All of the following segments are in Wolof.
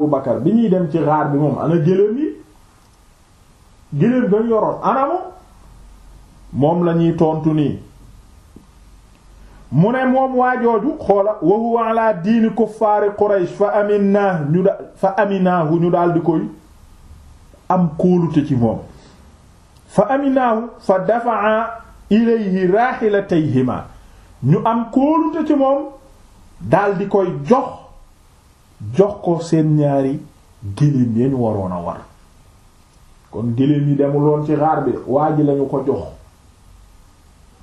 Abubakar bi ñuy dem ci xaar bi moom ana gëléem yi gëléem dañ yoroon anamu moom la tontu nii mu ne moom waajooju xoola wa huwa ala diini kuffaari Quraysh fa aminaa ñu daldi fa koy am kóolute ci moom fa aminaahu fa dafaa ilayhi raaxilatayhima ñu am kóolute ci moom daal koy jox jox ko seen ñaari géléem yañ waroon a war kon géléem yi demuloon ci xaar bi waa ji lañu ko jox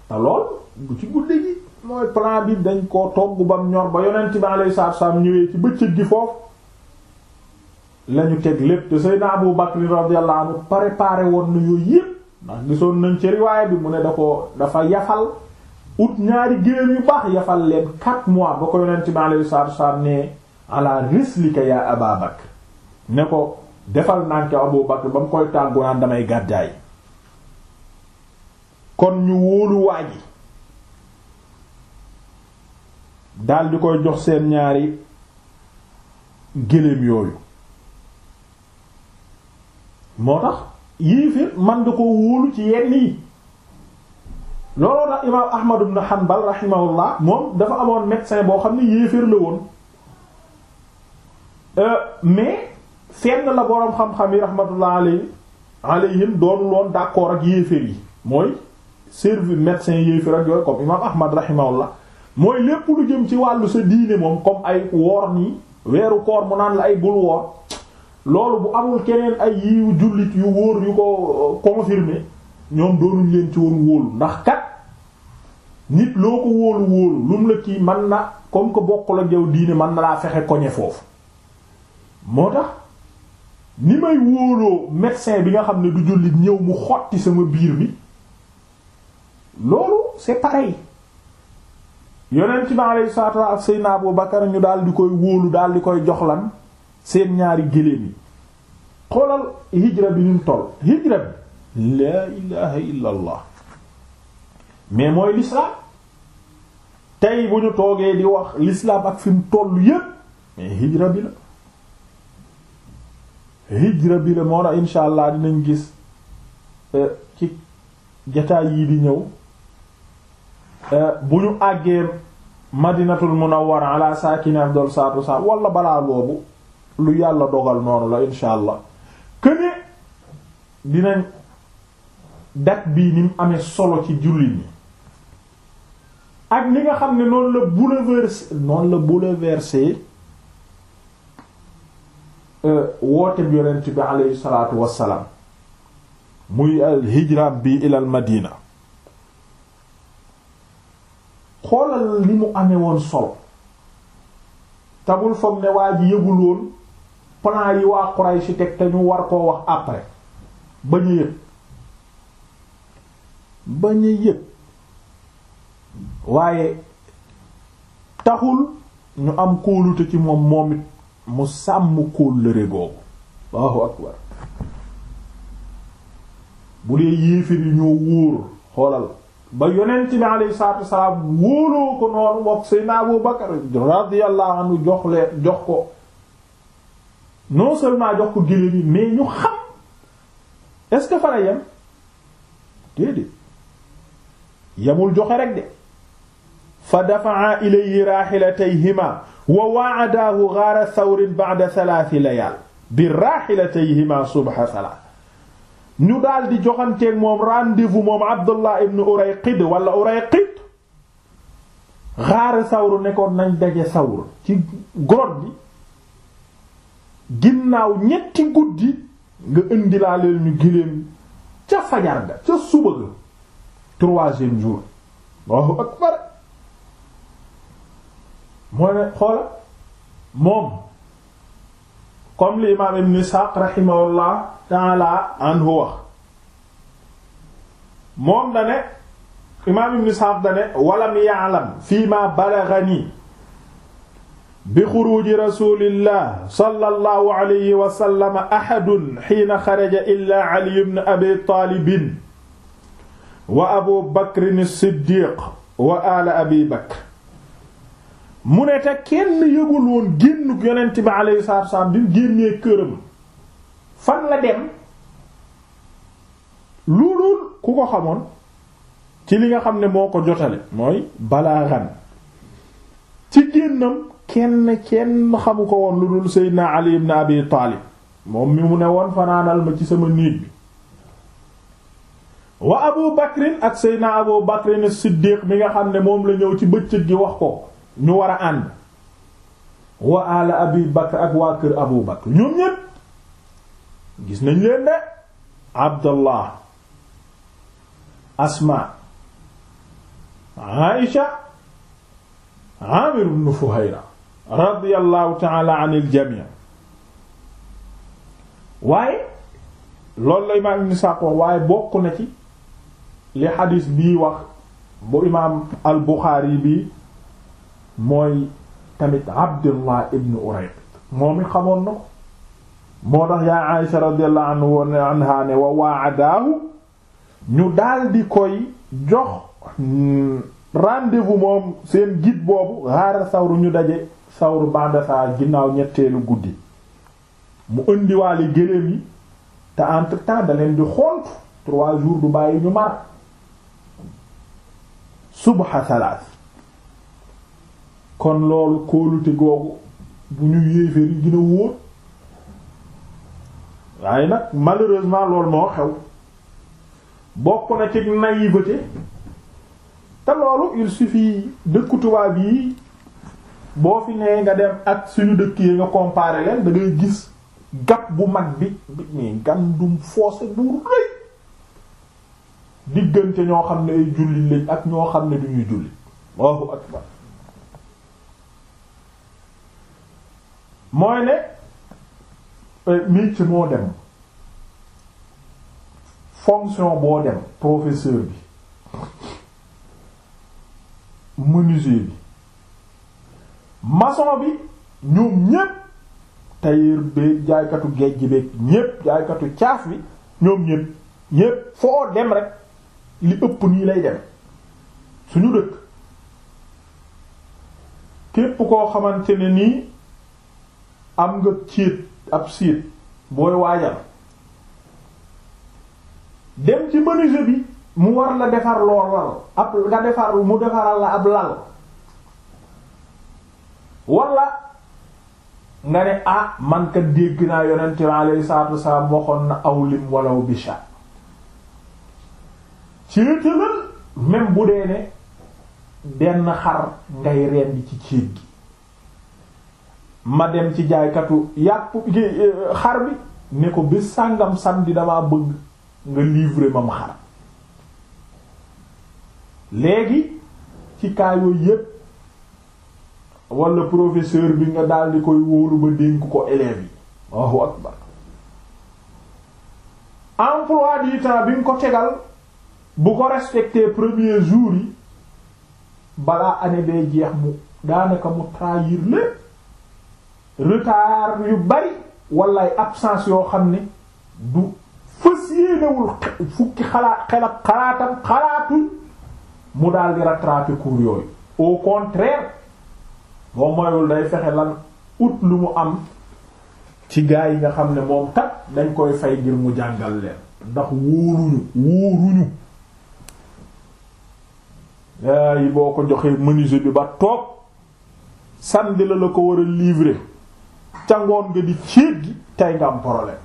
te lool bu ci guddi gi mooy plan bi dañ ko togg bam ñor ba yonent bi alayhi salaatu salaam ñëwee ci bëccëg gi foofu lañu teg lépp te Seydina Abu Bakr radiyallahu anhu préparé woon na yooyu yépp ndax gisoon nañ ci riwaay bi mu ne da ko dafa yafal ut ñaari géléem yu baax yafal leen 4 mois ba ko yonent bi alayhi salaatu salaam nee alaa rislika ya aba bakr ne ko defal nànk abu bakr ba mu koy tàggu naan damay gàddaay kon ñu wóolu waa ji dal koy jox seen ñaari géléem yooyu moo tax yii man nga ko wóolu ci yenn yi looloo tax imaam ahmad ibn hanbal rahimahullah moom dafa amoon médecin boo xam ne yéeféer la woon Euh, mais fenn la boroom xam-xam yi rahmatullah alayhi alayhim doonul woon d'accord ak yéeféer yi mooy service médecin yéeféer ak yooyu comme imam ahmad la mooy lépp lu jëm ci wàllu sa diine moom comme ay woor nii weeru koor mu naan la ay bul woor loolu bu amul keneen ay yiwu jullit yu wóor yu ko euh, confirmer ñoom doonuñ leen ci woon wóolu ndax kat nit loo ko wóolu wóolu lu mu la kii man na comme que bokkul ak yow diine mën na laa fexe koñe foofu moo tax ni may wóoloo médecin bi nga xam ne du jullit ñëw mu xotti sama biir bi loolu c'est pareil yonent bi alayhi salaatu wa Seydina Abu Bakar ñu daal di koy wóolu daal di koy jox lan seen ñaari géléem yi xoolal hijra bi ñu toll hijra bi laa ilaha illa mais mooy l'islam tey bu ñu toogee di wax l'islam ak fi mu yépp mais hijra bi la hijra bi la moo na insha allah dinañ gis e, ci jataay yii di ñëw e, bu ñu àggee madinatul munawwara ala saakini afdal saatu saa wala balaa boobu lu yàlla dogal noonu la insha allah këne dinañ dat bii ni mu amee solo ci jullit ñi ak li nga xam ne noonu la bouleversé noonu la bouleversé Euh, woote bi yonent aleyhi salaatu wassalaam muy hijraam bi ilal madina xoolal li mu amee woon solo tabul foog ne waa ji yëgul woon yi waa Quraysh teg te ñu war koo wax après ba ñu yëg ba ñu yëg waaye taxul ñu am kóolute ci moom moom mu sàmm kóllëre boobu Allahu akbar bu dee yéeféer yi ñoo xoolal ba yonent bi alayhi salaatu wasalaam wóoloo ko noonu wax Seydina Abu Bakar radiyallahu anhu jox ko non seulement jox ko géléem yi ñu xam est-ce que yem déedéet yemul joxe rek de fa dafa'a ilayhi rahilatayhima wa waadaahu gaara sawrin ba'da thalathi layal bi rahilatayhima subha salat ñu daal di joxanteeg moom rendez moom Abdullah ibn Urayqid wala Urayqid gaara sawru nekkoon nañ daje sawr ci grotte bi ginnaaw ñetti guddi nga indi laa leen ñu giléem ca fajar ga ca suba ga troisième akbar mooy ne xoola moom comme li imaam ibn Isxaaq rahimahullah ta'ala anhu wax moom da ne imaam ibn Isxaaq da ne walam ya'lam fii ma balaghani bi xuruuji rasulillah sallallahu alayhi wa sallam ahadun hiina xaraja illaa Ali ibn Abi Taalib wa Abu Bakr as-Siddiq wa aala Abi Bakr mu ne te kenn yëgul woon génn yonent bi alayhi salaatu wasallam bi mu génnee këram fan la dem loolul ku ko xamoon ci li nga xam ne moo ko jotale mooy balaaran ci génnam kenn kenn xamu ko woon lu dul Seydina Ali ibn Abi moom mi mu ne woon fanaanal ma ci sama néeg bi wa Abu Bakrin ak Seydina Abu Bakrin siddiq mi nga xam ne moom la ñëw ci bëccëg gi wax ko ñu war a ànd wa ala abi bakr ak waa gis nañ leen de abdallah asma aisha amir ibn fuhayra radiyallahu ta'ala anil jami' waaye loolu la imaam ibn Sa'd wax waaye bokk na ci li xadiis bii wax bu imaam al bii mooy tamit abdullah ibn urayqit moom it xamoon na ko moo tax yaa aïsha radiyallahu anhu anha ne wa waadaahu ñu daal di koy jox mm, rendez-vous moom seen git boobu xaara sawru ñu daje sawru bandasa ginnaaw ñetteelu guddi mu indiwaale géléem yi te entre temps da leen di xont trois jours du bàyyi ñu mar subha salaas kon loolu kóolute googu bu ñu yéeféer yi gën a wóor waaye nag malheureusement loolu moo xew bokk na ci naïveté te loolu il suffit dëkku tubaab yi boo fi nee nga dem ak suñu dëkk yi nga comparer leen da gis gap bu mag bi mais gàndum fossé bu rëy diggante ñoo xam ne ay jullit lañ ak ñoo xam ne duñuy jullit Allahu akbar mooy ne euh, métier moo dem fonction boo dem professeur bi menuisier bi maçon bi ñoom ñépp tailleur beeg jaaykatu géej beeg ñépp jaaykatu caaf bi ñoom ñépp ñépp foo dem rek li ëpp nii lay dem suñu dëkk képp koo xamante ne nii am nga ciit ab siit booy waajal dem ci menuisier bi mu war la defar lool lal ab nga defar mu defaral la ab lal wala nga ne ah man ka dégg naa yonent bi alayhi salaatu wasalaam waxoon na awlim walaw bisha ciitalal même bu dee ne denn xar ngay rendi ci ciit gi ma dem ci jaaykatu yàpp eh, xar bi ne ko bés sàngam bi damaa bëgg nga livrer mam xar léegi ci kaa yooyu yépp walla professeur bi nga daal di koy wóolu ba dénk ko élèves yi Allahu akbar emploi du temps bi nga ko tegal bu ko respecté premier jour yi balaa année day jeex mu daanaka mu trahir lépp retard yu bari wala ay absence yoo xam ne du fas yéenewul fukki xalaat xelab xalaatam xalaatul mu daal di rattraper cours yooyu au contraire boo moyul day fexe lan ut lu mu am ci gaa yi nga xam ne moom kat dañ koy fay ngir mu jàngal leen ndax wóoruñu wóoruñu yaa yi boo ko joxee menuisier bi ba toog samedi la la ko war a livrer ca ngoon nga di séet gi tey nga am problème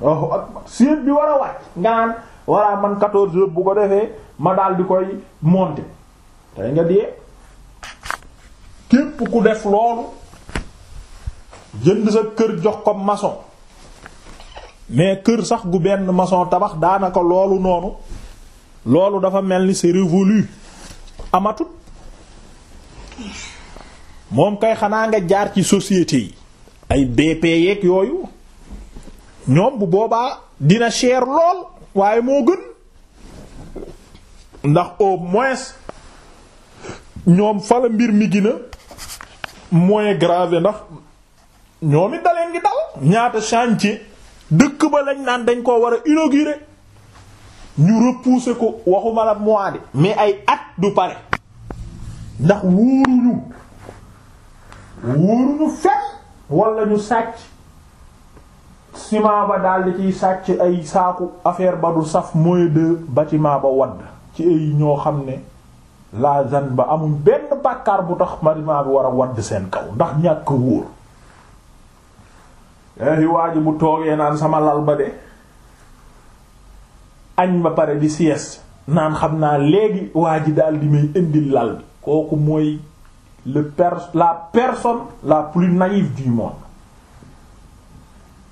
waaw bi war a wàcc nga naan walla man 14 bu ko defee ma daal di koy monter tey nga dee képp ku def loolu jënd sa kër jox ko maçon mais kër sax gu benn maçon tabax daanaka loolu noonu loolu dafa mel ni c'est révolu amatut moom kay xanaa nga jaar ci société yi ay BP yeeg yooyu ñoom bu boobaa dina cher lool waaye moo gën ndax au moins ñoom fa la mbir mi gina moins grave ndax ñoom it daleen gi dal ñaata chantier dëkk ba lañ naan dañ koo war a inaugurer ñu repousser ko waxuma la mois de mais ay at du pare ndax wóoruñu wóoruñu fenn wala ñu sàcc ciment ba daal di ciy sàcc ay saaku affaire ba du saf mooy de bâtiment ba wadd ci ay ñoo xam ne la ba amul benn bàkkaar bu tax bâtiment bi war a wadd seen kaw ndax ñàkk wóor eehi waa ji bu toogee naan sama lal ba de añ ba pare di sieste naan xam naa léegi waa ji daal di may indil lal kooku mooy le la personne la plus naïve du monde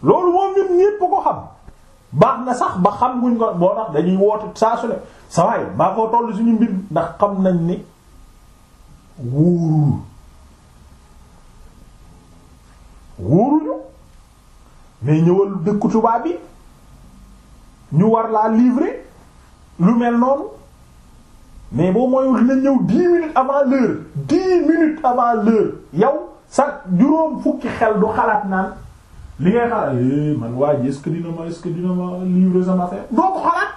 loolu moom ñun ñépp ko xam baax na sax ba xam guñ ko boo tax dañuy woote saa su ne sa waay maa ko toll suñu mbir ndax xam nañ ni wóorul wóoruñu mais ñëwal dëkku tubaab bi ñu war laa livrer lu mel noonu mais boo mooyul dina ñëw dix minutes avant l'heure dix minutes avant l'heure yow sax juróom fukki xel du xalaat naan li ngay xalaat eh, man waa ji est dina ma est-ce dina ma livrer sama affaire doo ko xalaat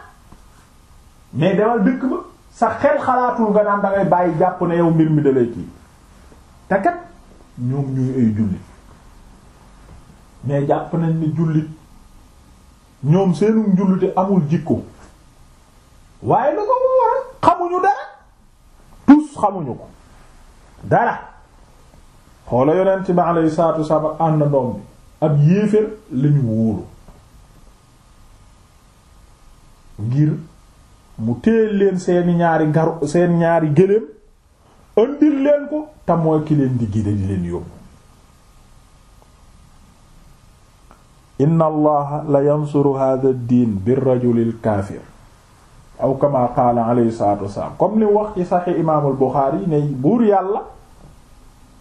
mais demal dëkk ba sa xel xalaatul nga naan da bàyyi jàpp ne yow mbir mi dalay te kat ñoom ñuy ay jullit mais jàpp nañ ni jullit ñoom seenu njullite amul jikko waaye la ko xamuñu dara tous xamuñu ko dara xoola yonent bi alayhi salaatu ak ànd ndoom bi ab yéeféer lañu wóolu ngir mu téel leen seeni ñaari garu seen ñaari gëléem ëndil leen ko te ki leen di gide di leen yóbbu inna allaha la yansuru hadha ad-din bir rajulil aw kama qaala alayhi salaatu wasalaam comme li wax ci saxi imaamul Buxaari ne buur yàlla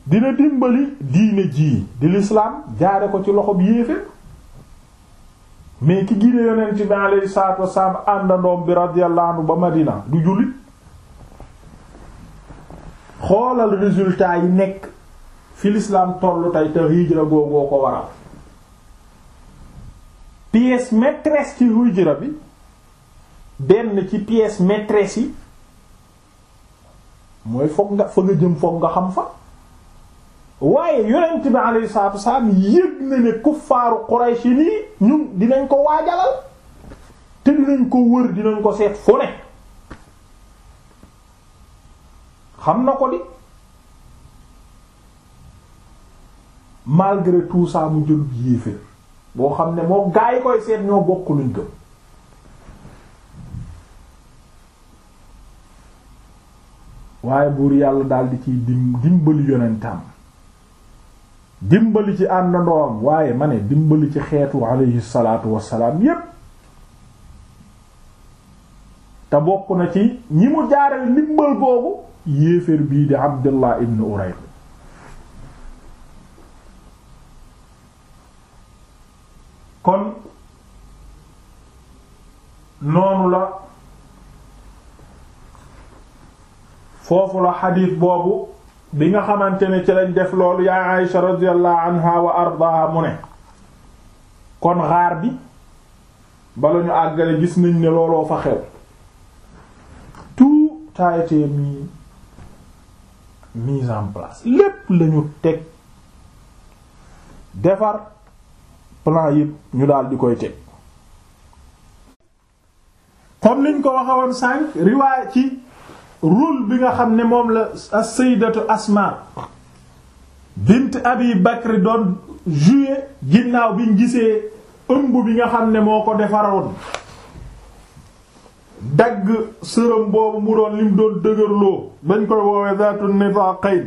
dina dimbali diine jii di lislaam jaare ko ci loxo bi yéeféer mais ki gine yonent bi alayhi salaatu wasalaam àndandoom bi radiyallahu anhu ba Madina du jullit xoolal résultat yi nekk fi lislaam tollu tey te hijra googoo ko waral pièce maîtresse ci hijra bi benn ci pièce maîtresse yi mooy foog nga fa nga jëm foog nga xam fa waaye yonent bi alayhi salaatu wasalaam yëg na ne kuffaaru Quraysh yi nii ñun dinañ ko waajalal te dinañ ko wër dinañ ko seet fu ne xam na ko di malgré tout ça mu jëlub yéeféer boo xam ne moo gaa yi koy seet ñoo bokk luñ gëm waaye buur yàlla daldi ciy dim dimbali yonentam dimbali ci àndandoom waaye ma ne dimbali ci xeetu aleyhi salaatu wassalaam yépp te bokk na ci ñi mu jaaral ndimbal boobu yéeféer bii di Abdullah ibn Urayq kon noonu la foofu la xadiis boobu bi nga xamante ne ci lañ def lool yaa Aïsha radiyallahu anha wa ardaha mu ne kon xaar bi bala ñu àggale gis nañ ne looloo fa xew a été lépp lañu teg defar plan yépp ñu daal di koy teg comme niñ ko waxawoon sànq riwaay ci rôle bi nga xam ne moom la as-sayyidatu Asma bint Abi doon jouer ginnaaw biñ gisee ëmb bi nga xam ne moo ko defaroon dagg sërëm boobu mu doon lim doon dëgërloo bañ koy woowee zaatu nifaaqayn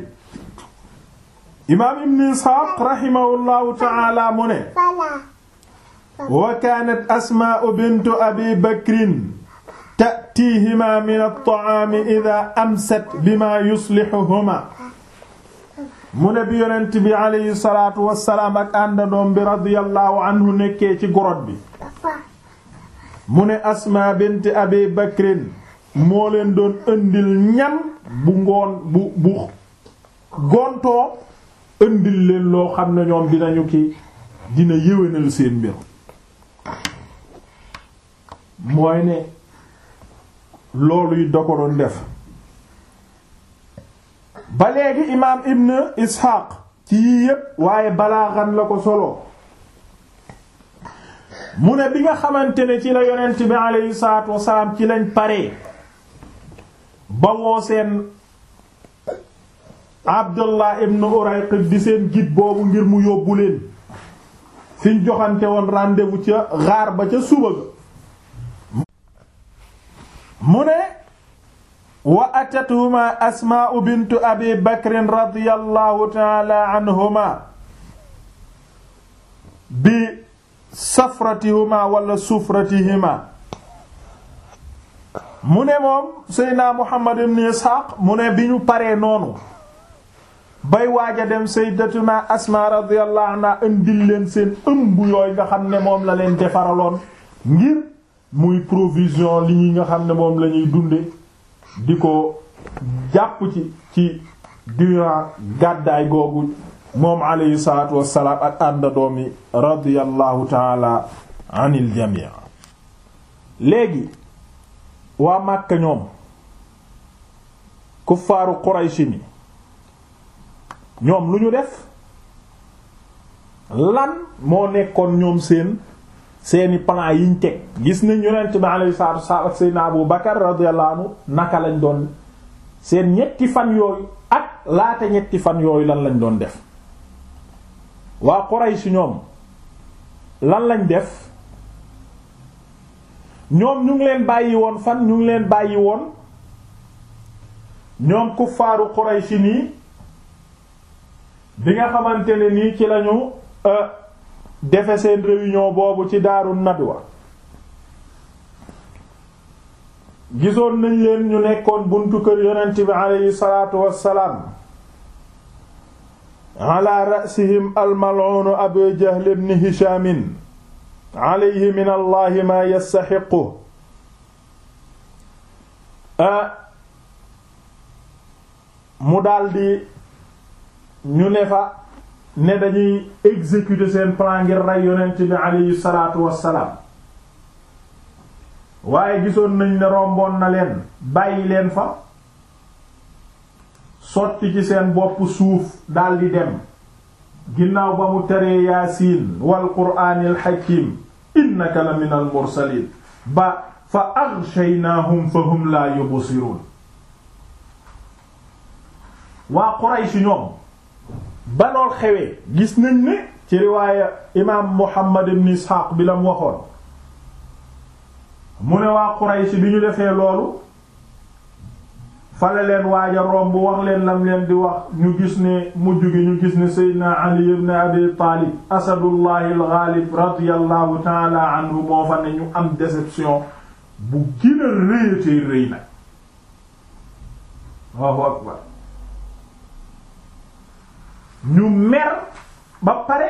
imaam ibn Isxaaq rahimahullahu ta'ala mu ne wa kaanat Asmaa bintu Abi ya'tiihimaa min at-ta'aami idhaa amsat bimaa yuslihuhumaa mu ne yonent bi alayhi salaatu wassalaam ak àndandoom bi radiyallahu anhu nekkee ci gorot bi mu ne Asmaa bint Abi Bakrin moo leen doon ëndil ñam bu ngoon bu bu gontoo ëndil leen loo xam ne ñoom dinañu ki dina yéwénal seen mbir mooy ne loolu yi da ko doon def ba léegi imaam ibn isxaaq ci yii yépp waaye balaaxan la ko solo mu ne bi nga xamante ne ci la yonent bi aleyhi salaatu wasalaam ci lañ paree ba woo seen abdullah ibn urayqib di seen git boobu ngir mu yóbbu leen fiñ joxante woon rendez ca xaar ba ca suba ga mu ne wa atatuma asmaa'u bintu abi bakrin radiyallahu taala anhuma bi safratihuma wala sufratihima mu ne moom seydna muhammad ibn isxaaq mu ne bi ñu paree noonu bay waaj a dem saydatuna asma radiyallahu anha indil leen seen ëmb yooyu nga xam ne moom la leen defaraloon ngir muy provision li ñuy nga xam ne moom lañuy ñuy di ko jàpp ci ci durant gàddaay googu moom alayhi salaatu wassalaam ak àndandoom yi radiyallahu taala anil jamii léegi waa Màkka ñoom kuffaaru Quraysh ni ñoom lu ñu def lan moo nekkoon ñoom seen seeni plan yiñ teg gis nañ yonent bi alayhi salaatu wasallam ak Abu Bakar radiyallahu anhu naka lañ doon seen ñetti fan yooyu ak laata ñetti fan yooyu lan lañ doon def waa Quraysh ñoom lan lañ def ñoom ñu ngi leen bàyyi woon fan ñu ngi leen bàyyi woon ñoom kuffaaru Quraysh nii bi nga xamante ne nii ci lañu euh, defe seen réunion boobu ci daaru nadwa gisoon nañ leen ñu nekkoon buntu kër yonent bi aleyhi salaatu wassalaam ala rasihim almaluunu abu ibn hishaamin aleyhi min allahi yastaxiqu mu daldi ñu ne fa ne dañuy exécuter seen plan ngir rey yonent bi aleyhi salaatu wassalaam waaye gisoon nañu ne romboon na leen bàyyi leen fa sotti ci seen bopp suuf daldi dem ginnaaw ba mu teree yaasiin wal quraanil hakiim innaka la minal mursaliin ba fa aghshaynaahum fa hum laa yubsiruun waa Quraysh ñoom ba xewee gis nañ ni ci riwaaya imaam Muhammad ibn Isxaaq bi la mu waxoon mu ne waa Quraysh bi ñu defee loolu fale leen waaja romb wax leen lam leen di wax ñu gis ne mujj gi ñu gis ne Seydina Ali ibn Abi Taalib asadullahi al-Ghalib radiyallahu ta'ala anhu moo fa ne ñu am déception bu gën a rëyatee rëy nag akbar ñu mer ba pare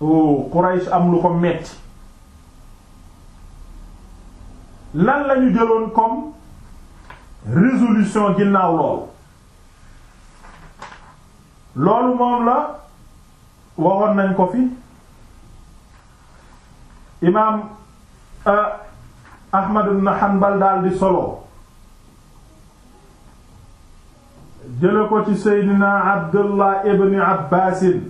oh Quraysh am lu ko metti lan la jëloon comme résolution ginnaaw loolu loolu moom la waxoon nañ ko fi imaam euh, Ahmad ibn Hanbal daal di solo jële ko ci seydina abdullah ibni abbaasin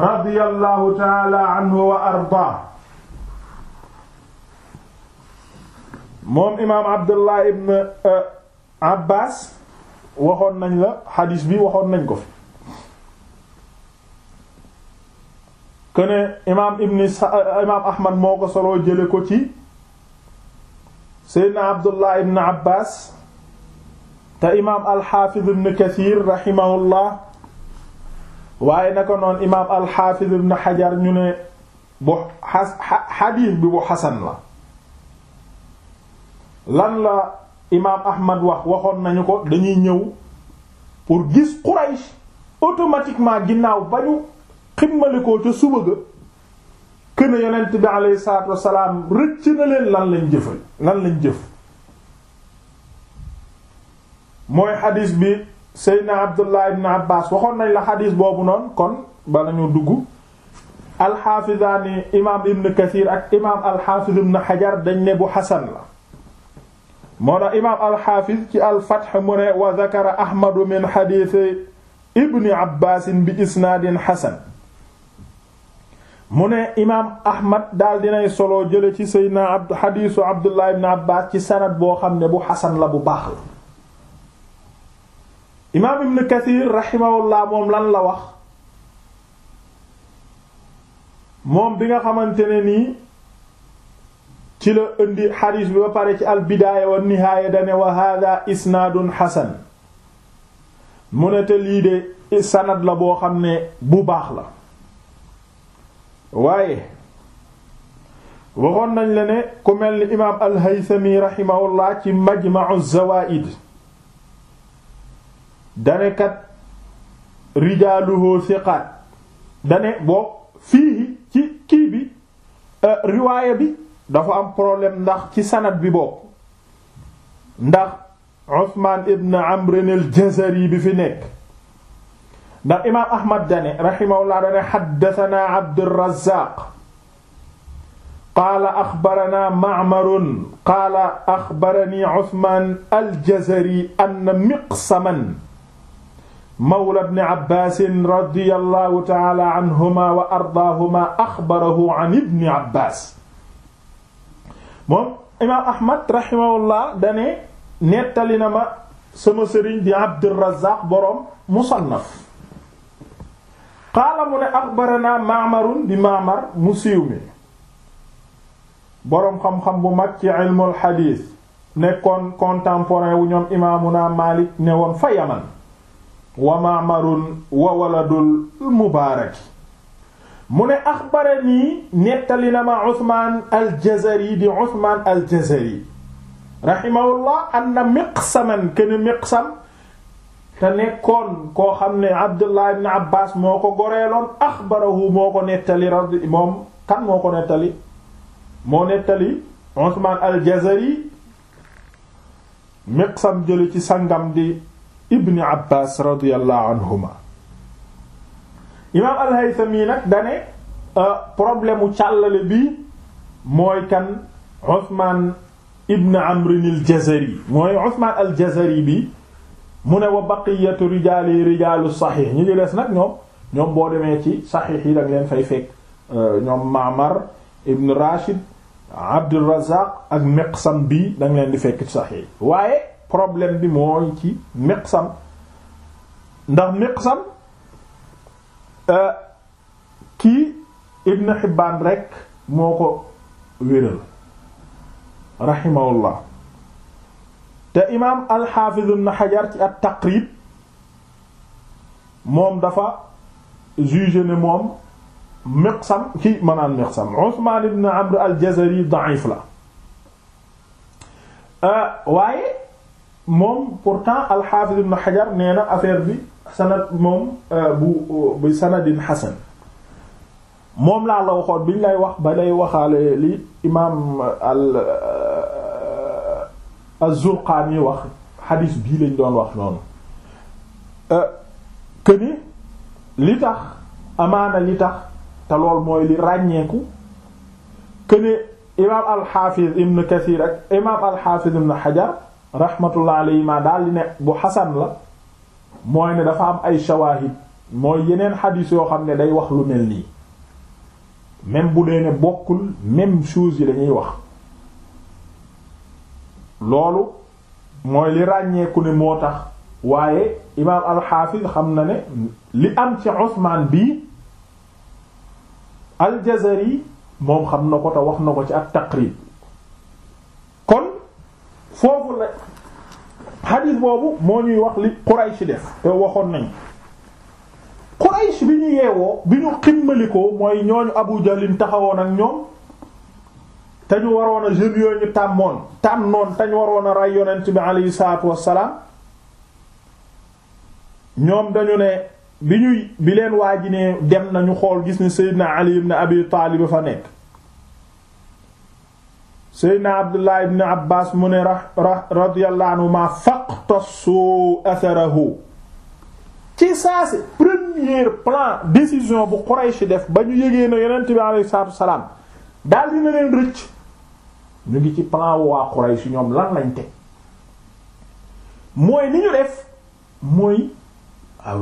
radiyallahu taala anhu wa arda moom imaam abdullah ibn uh, abbas waxoon nañ la xadiis bi waxoon nañ ko fi kene imaam ibn uh, imaam ahmad moo ko soloo jële ko ci seydina abdullah ibn abbas te imaam alxaafiz ibn kathir rahimahullah waaye naka noon imaam alxaafiz ibn xajar ñu ne bu xas bi bu xasan la lan la imaam ahmad wax waxoon nañu ko dañuy ñëw pour gis Quraysh automatiquement ginnaaw ba ñu ximmalikoo ca suba ga kën a yonent bi aleyhi salaatu wassalaam rëcc na leen lan lañ jëfal lan lañ jëf mooy xadis bi seydna abdullah ibn abbas waxoon nañ la xadis boobu noonu kon bala ñu dugg alxaafizaani imaam ibn kathir ak imaam alxaafiz ibn xajar dañ ne bu xasan la moo tax imaam alxaafiz ci alfatx mu ne wa zakara ahmadu min xadiisi ibni abbasin bi isnaadin xasan mu ne imaam ahmad daal dinay solo jële ci seydna xadiisu abdullah ibn abbas ci sanad boo xam ne bu xasan la bu baax la imaam ibn kathir rahimahullah moom lan la wax moom bi nga xamante ne nii ci la indi xadiis bi ba pare ci al bidaaya wa nihaaya dane wa hada isnaadun xasan mu ne te lii de sanad la boo xam ne bu baax la waaye waxoon nañ la ne ku mel ni imaam al haythami ci majma'u zawaid dane kat rijaaluhu siqaat dane boo fii ci kii bi euh, riwaaya bi dafa am problème ndax ci sanad bi bokk ndax Usmaan ibn Amr al-Jazari bi fi nekk ndax imaam Ahmad dane rahimahullah dane xaddatanaa Abdurrazaaq qaala axbaranaa Ma'marun qaala axbaranii Usmaan al-Jazari anna Miqsaman mawla ibn Abbaas radiyallahu ta'ala anhuma wa ardaahuma axbarahu an ibn Abbaas moom imaam Ahmad rahimahullah dane nettali na ma sama sëriñ di Abdurrazaaq boroom Musannaf qaala mu ne axbaranaa Ma'marun di Ma'mar mu siiw mi boroom xam-xam bu mag ci ilmul hadiis nekkoon contemporain wu ñoom imaamunaa Maalik ne woon fa Yaman wa ma'marun wa waladul mubaarak mu ne axbarani nettali na ma Usmaan al-Jazari di Usmaan al rahimahullah anna miqsaman kene miqsam te nekkoon koo xam ne Abdullah ibn Abbas moo ko goreeloon axbarahu moo ko nettali radi moo nettali moo nettali Usmaan ci sangam di ibni abbas radiallahu anhuma imaam al-Haythami euh, problème u càllale bi mooy kan Usmaan ibn Amrin al-Jazari mooy Usmaan al bi mu ne wa baqiyatu rijaali rijaalu saxiix ñi di des nag ñoom ñoom boo ci saxiix i da nga fay fekk euh, ñoom Ma'mar ibn Rashid Abdurrazaaq ak Miqsam bi da di fekk ci saxiix problème bi mooy ci miqsam ndax miqsam euh, kii Ibn Hibbaan rek moo ko wéral rahimahullah te imaam al-Hafiz Ibn Hajar ci at-Taqrib moom dafa jugé ne moom miqsam ki manaan miqsam Usmaan ibn Amr al-Jazari da'if la euh, waaye moom pourtant al-Hafiz Ibn Hajar nee na affaire bi sanad moom euh, bu euh, bi hasan moom laa la waxoon biñ wax ba lay waxaale li imaam euh, al az wax xadiis bii lañ doon wax noonu que li tax amaana li tax te lool mooy li ràññeeku que ni imaam al-Hafiz Ibn Kathir imaam al-Hafiz Ibn Hajar rahmatullah alayhima daal di ne bu xasan la mooy ne dafa am ay shawaahid mooy yeneen xadiis yoo xam ne day wax lu mel nii même bu dee ne bokkul même chose yi dañuy wax loolu mooy li ràññeeku ne moo tax waaye imaam alxaafis xam na ne li am ci Usmaan bii aljazari moom xam na ko te wax na ko ci ak taqrib foofu la xadiis boobu moo ñuy wax li Quraysh def te waxoon nañ Quraysh bi ñu yeewoo bi ñu ximmalikoo mooy ñooñu Abu Jahl taxawoon ak ñoom te ñu waroon a jeunes yooyu ñu tàmmoon tànnoon te ñu waroon a rey yonent bi alayhi salaatu wassalaam ñoom dañu ne bi ñuy bi leen waa ji dem nañu xool gis ne Seydina Ali ibn Abi Taalib fa nekk seydna abdullah ibn abbas mu ne radiyallahu anhuma faqtasu atharahu ci saa si premier plan décision bu Quraysh def ba ñu yégee na yonent bi alayhi salaatu wasalaam daal dina leen rëcc ñu ngi ci plan waa Quraysh ñoom lan lañ teg mooy ni ñu def mooy ah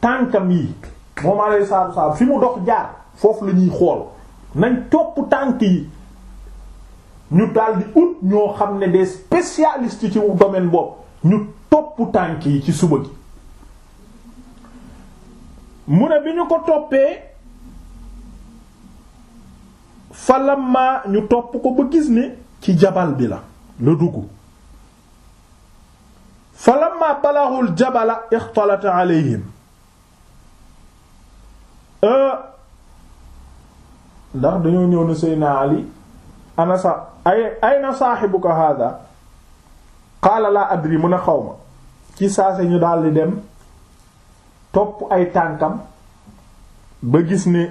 tànkam yi moom alayhi salaatu wasalaam fi mu dox jaar foofu lañuy ñuy xool nañ topp tànk yi ñu daldi ut ñoo xam ne des spécialistes ci domaine boobu ñu topp tànk yi ci suba gi mu ne bi ñu ko toppee falamma ñu topp ko ba gis ni ci jabal bi la la dugg falamma balaxul jabala ixtalata alayhim euh, ndax dañoo ñëw na Seydina Ali ana sa ay ayna saaxibuka hada qaala laa adri mun a xaw ma ci saase ñu daldi dem topp ay tànkam ba gis ni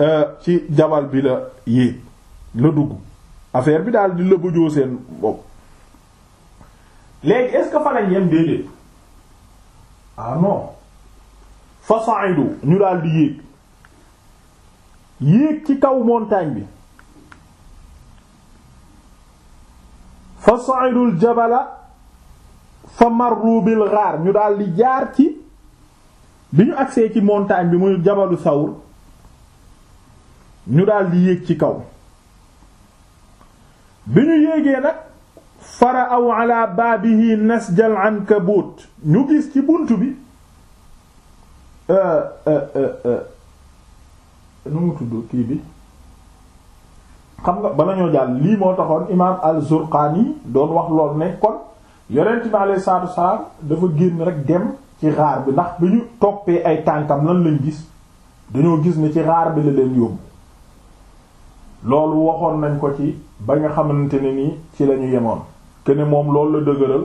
euh, ci jabal bi la yéeg la dugg affaire bi daal di lëbëjoo seen bopp léegi est que fa lañ déedéet ah non fa sa'idu ñu daal yéeg yéeg ci kaw montagne bi fa sa'idul jabala fa marru bil ghaar ñu daal di jaar ci bi ñu agsee ci montagne bi muy jabalu sawr ñu daal di yéeg ci kaw bi ñu yéegee nag fara aw ala baabihi nasjal ankabut ñu gis ci bunt bi euh, euh, euh, nu mu tudd kii bi xam nga bala ñoo jàll lii moo taxoon imaam al-Zurqaani doon wax lool ne kon yonent bi alayhi salaatu wassalaam dafa génn rek dem ci xaar bi ndax bi ñu toppee ay tànkam lan lañ gis dañoo gis ne ci xaar bi la leen yóbbu loolu waxoon nañ ko ci ba nga xamante ne nii ci lañu yemoon ke ne moom loolu la dëgëral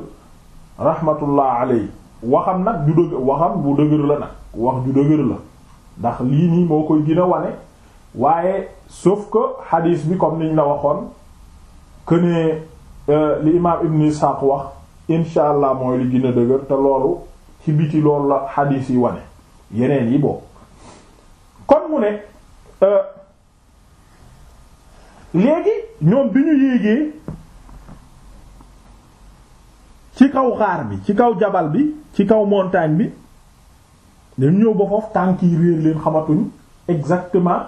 rahmatullah alay waxam nag ju dëgër waxam bu dëgër la nag wax ju dëgër la ndax lii nii moo koy gën a wane waaye sauf ko xadiis bi comme niñ la waxoon que ne euh, li imaam Ibn Ishaq wax incha allah mooy li gën a dëgër te loolu ci biti loolu la xadiis yi wane yeneen yi boobu kon mu ne euh, léegi ñoom bi ñu yéegee ci kaw xaar bi ci kaw jabal bi ci kaw montagne bi dañ ñëw ba foofu tànk yi réer leen xamatuñ exactement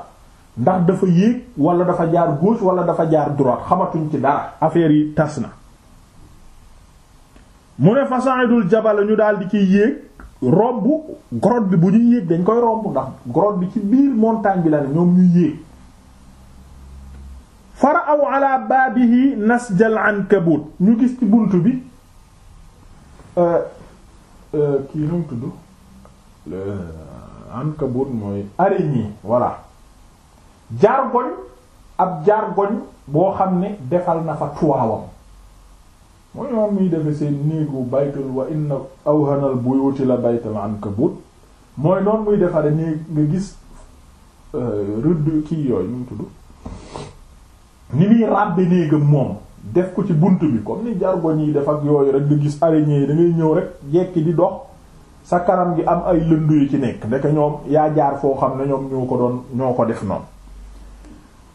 ndax dafa yéeg wala dafa jaar gauche wala dafa jaar droite xamatuñ ci dara affaire yi tas na mu ne fasaidul jabal ñu daal di ciy yéeg robb grotte bi bu ñuy yéeg dañ koy romb ndax grotte bi ci biir montagne bi la ne ñoom ñuy yéeg fara aw ala baabihi nasjal ankabut ñu gis ci bunt bi euh, euh, kii nu mu tudd euh, ankabut mooy jargoñ ab jargoñ boo xam ne defal na fa tuwaawam mooy moom muy defe seen néegu baytul wa inna buy buyuti la baytul ankabut mooy noonu muy defare néeg nga gis euh, rëdd kii yooyu ñu tudd ni muy ràbbe néegam moom def ko ci bunt bi comme ni jargoñ yi def ak yooyu rek nga gis arañee yi da ñëw rek jekki di dox sa kanam gi am ay lëndu yu ci nekk ndeke ñoom yaa jaar foo xam ne ñoom ñoo ko doon ñoo ko def noonu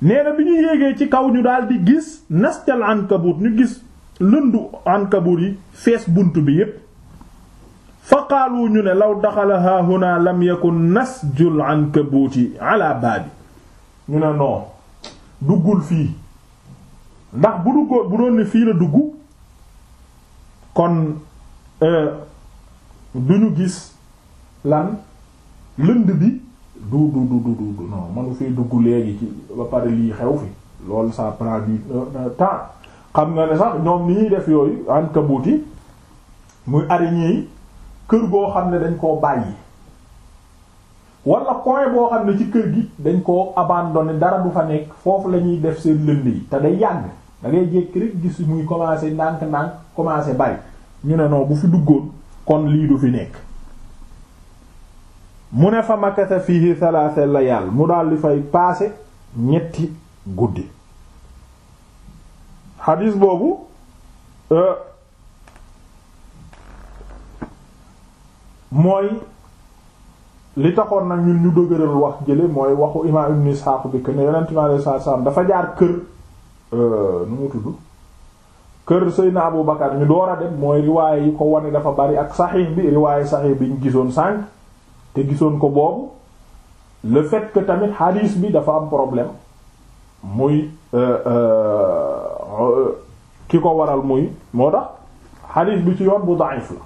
nee bi ñu yéegee ci kaw ñu daldi di gis nastal ankabut ñu gis lëndu ankabut yi fees bunt bi yépp fa qaalu ñu ne law daxala ha huna lam yakun nasjul ankabuti ala baabi ñu ne non duggul fii ndax bu duggoo bu doon ne fii la dugg kon euh, duñu gis lan lënd bi du du du du du non manu fee dugg léegi ci ba pare lii xew fi loolu ça prend du euh, temps xam nga ne sax ñoom ni ñuy def yooyu ankabut yi muy arañee kër goo xam ne dañ koo bàyyi wala coin boo xam ne ci kër gi dañ koo abandonné dara bu fa nekk foofu la ñuy def seen lënd yi te day yàgg da ngay jékki rek gis muy commencé ndànk-ndànk commencé bari ñu ne non bu fi duggoon kon lii du fi nekk. mu ne fa makasa fihi la layaal mu daal di fay paase ñetti guddi xadiis boobu euh, mooy li taxoon nag ñun ñu dëgëral wax jële mooy waxu imaam ibn Isxaaq bi que ne yonent mi alayhi dafa jaar kër euh, nu mu tudd kër Seydina Abu Bakar ñu door a dem mooy riwaay yi ko wane dafa bari ak saxiix bi riwaay saxiix bi ñu gisoon sànq. te gisoon ko boobu le fait que tamit hadis bi dafa am problème muy euh, euh, euh, ki ko waral muy moo tax hadis bi ci yoon bu da'if la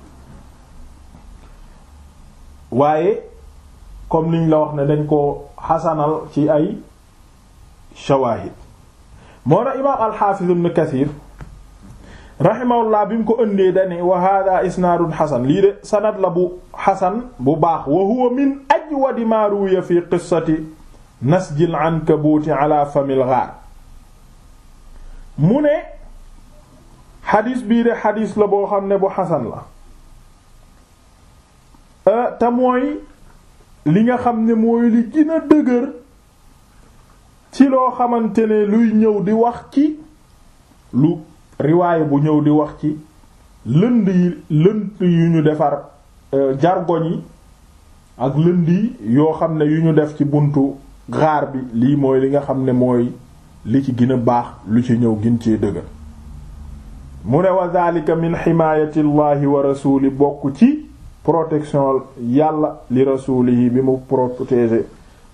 waaye comme niñ la wax ne dañ ko xasanal ci ay shawahid moo tax imaam al-Hafiz ibn rahimahullah bi mu ko ëndee dani wa hada isnaadun xasan lii de sanad la bu xasan bu baax wa huwa min ajwadi maa ruwiya fi qissati nasjil ankabuuti ala famil ghaar mu ne xadis bii de xadis la boo xam ne bu xasan la euh, te mooy li nga xam ne mooy li gën dëgër ci loo xamante ne luy ñëw di wax ci lu riwaaya bu ñëw di wax ci lënd yi lënd yu ñu defar euh, jargoñ yi ak lënd yi yoo xam ne yu ñu def ci buntu gaar bi lii mooy li nga xam ne mooy li ci gën baax lu ci ñëw gin cee dëgër mu ne wa zalika min ximaayati wa rasuli bokk ci protection yàlla li rasulihi bi mu protéger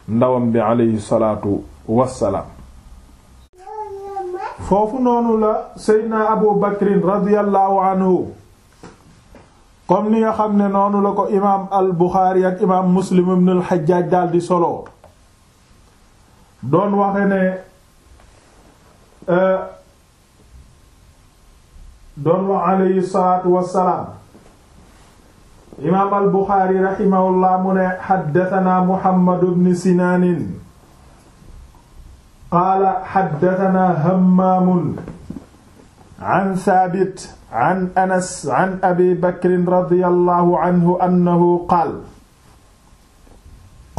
ndawam bi aleyhi salaatu wassalaam foofu noonu la seydna abu bakrin radiallahu anhu comme ni nga xam ne noonu la ko imaam al buxaari ak imaam muslim ibn al xajjaaj daldi solo doon waxe ne euh, doon wax aleyhi salaatu wassalaam imaam al buxaari raximahullah mu ne xaddatanaa muhammadu bn sinaanin qaala xaddatanaa hammaamun an saabit an anas an abi bakrin radiyallahu anhu annahu qaal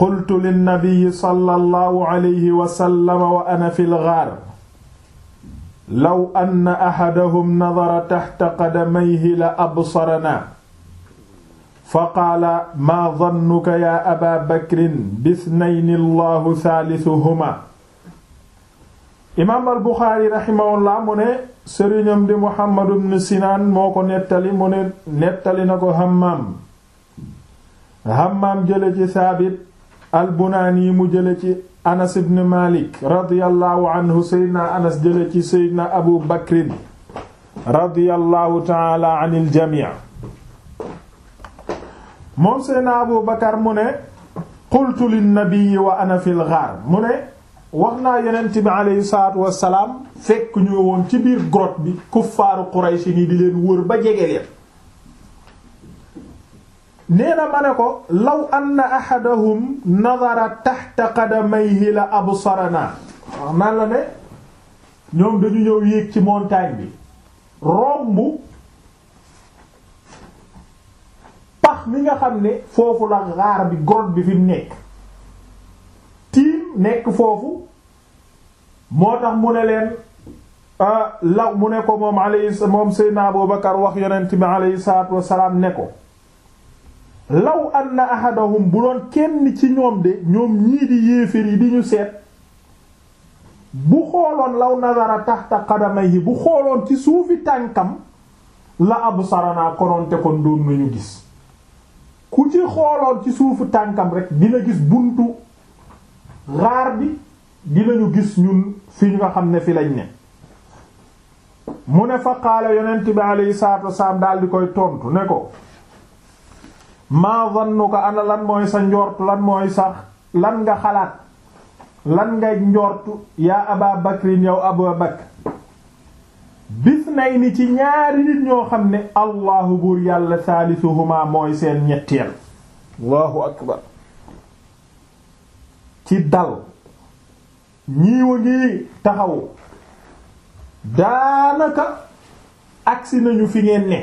qultu linnabiyi sallallahu alayhi wa sallam wa ana fil ghaar law anna axadahum nadara taxta qadamayhi la absaranaa faqaala maa dannuka yaa abaa bakrin bisnayni allahu thaalisuhumaa imaam al buxaari raximahullah mu ne sëriñam di muhammad ibn sinaan moo ko nettali mu ne nettali na ko hammaam hammaam jële ci saabit al bunaani mu jële ci anas ibn malik radiyallahu anas jële ci seydna abu bakrin radiyallahu taala an jamii moom seydna abu bakar mu ne qultu lin nabiyyi wa ana fil ghaar mu ne wax naa yonent bi aleyhi salaatu wassalaam fekk ñu woon ci biir grotte bi kuffaaru Quraysh ni di leen wër ba jege leen nee na ma ne ko law anna ahadahum nadara tahta qadamayhi la absarana wax naa la ne ñoom dañu ñëw yéeg ci montagne bi romb pax mi nga xam ne foofu la xaar bi grotte bi fi nekk nekk foofu moo tax mu ne leen law mu ne ko moom alayhi moom Seydina Abubakar wax yonent bi alayhi salaatu wassalaam ne ko law anna ahadahum bu doon kenn ci ñoom de ñoom ñii di yéeféer yi di ñu seet bu xooloon law nazara taxta yi bu xooloon ci suufi tànkam la absaranaa kononte kon doon nañu gis ku ci xooloon ci suufu tànkam rek dina gis buntu xaar bi dinañu gis ñun fi ñu nga xam ne fi lañ ne mu ne fa qaala yonent bi alayhi salaatu wasalaam daal di koy tontu ne ko maa zannuka ana lan mooy sa njort lan mooy sax lan nga xalaat lan nga njort yaa aba bakrin yow abu bakr bis nay ni ci ñaari nit ñoo xam ne allahu buur yàlla saalisuhuma mooy seen ñetteel allahu akbar ci dal ñiiw a ngi taxaw daanaka agsi nañu fi ngeen ne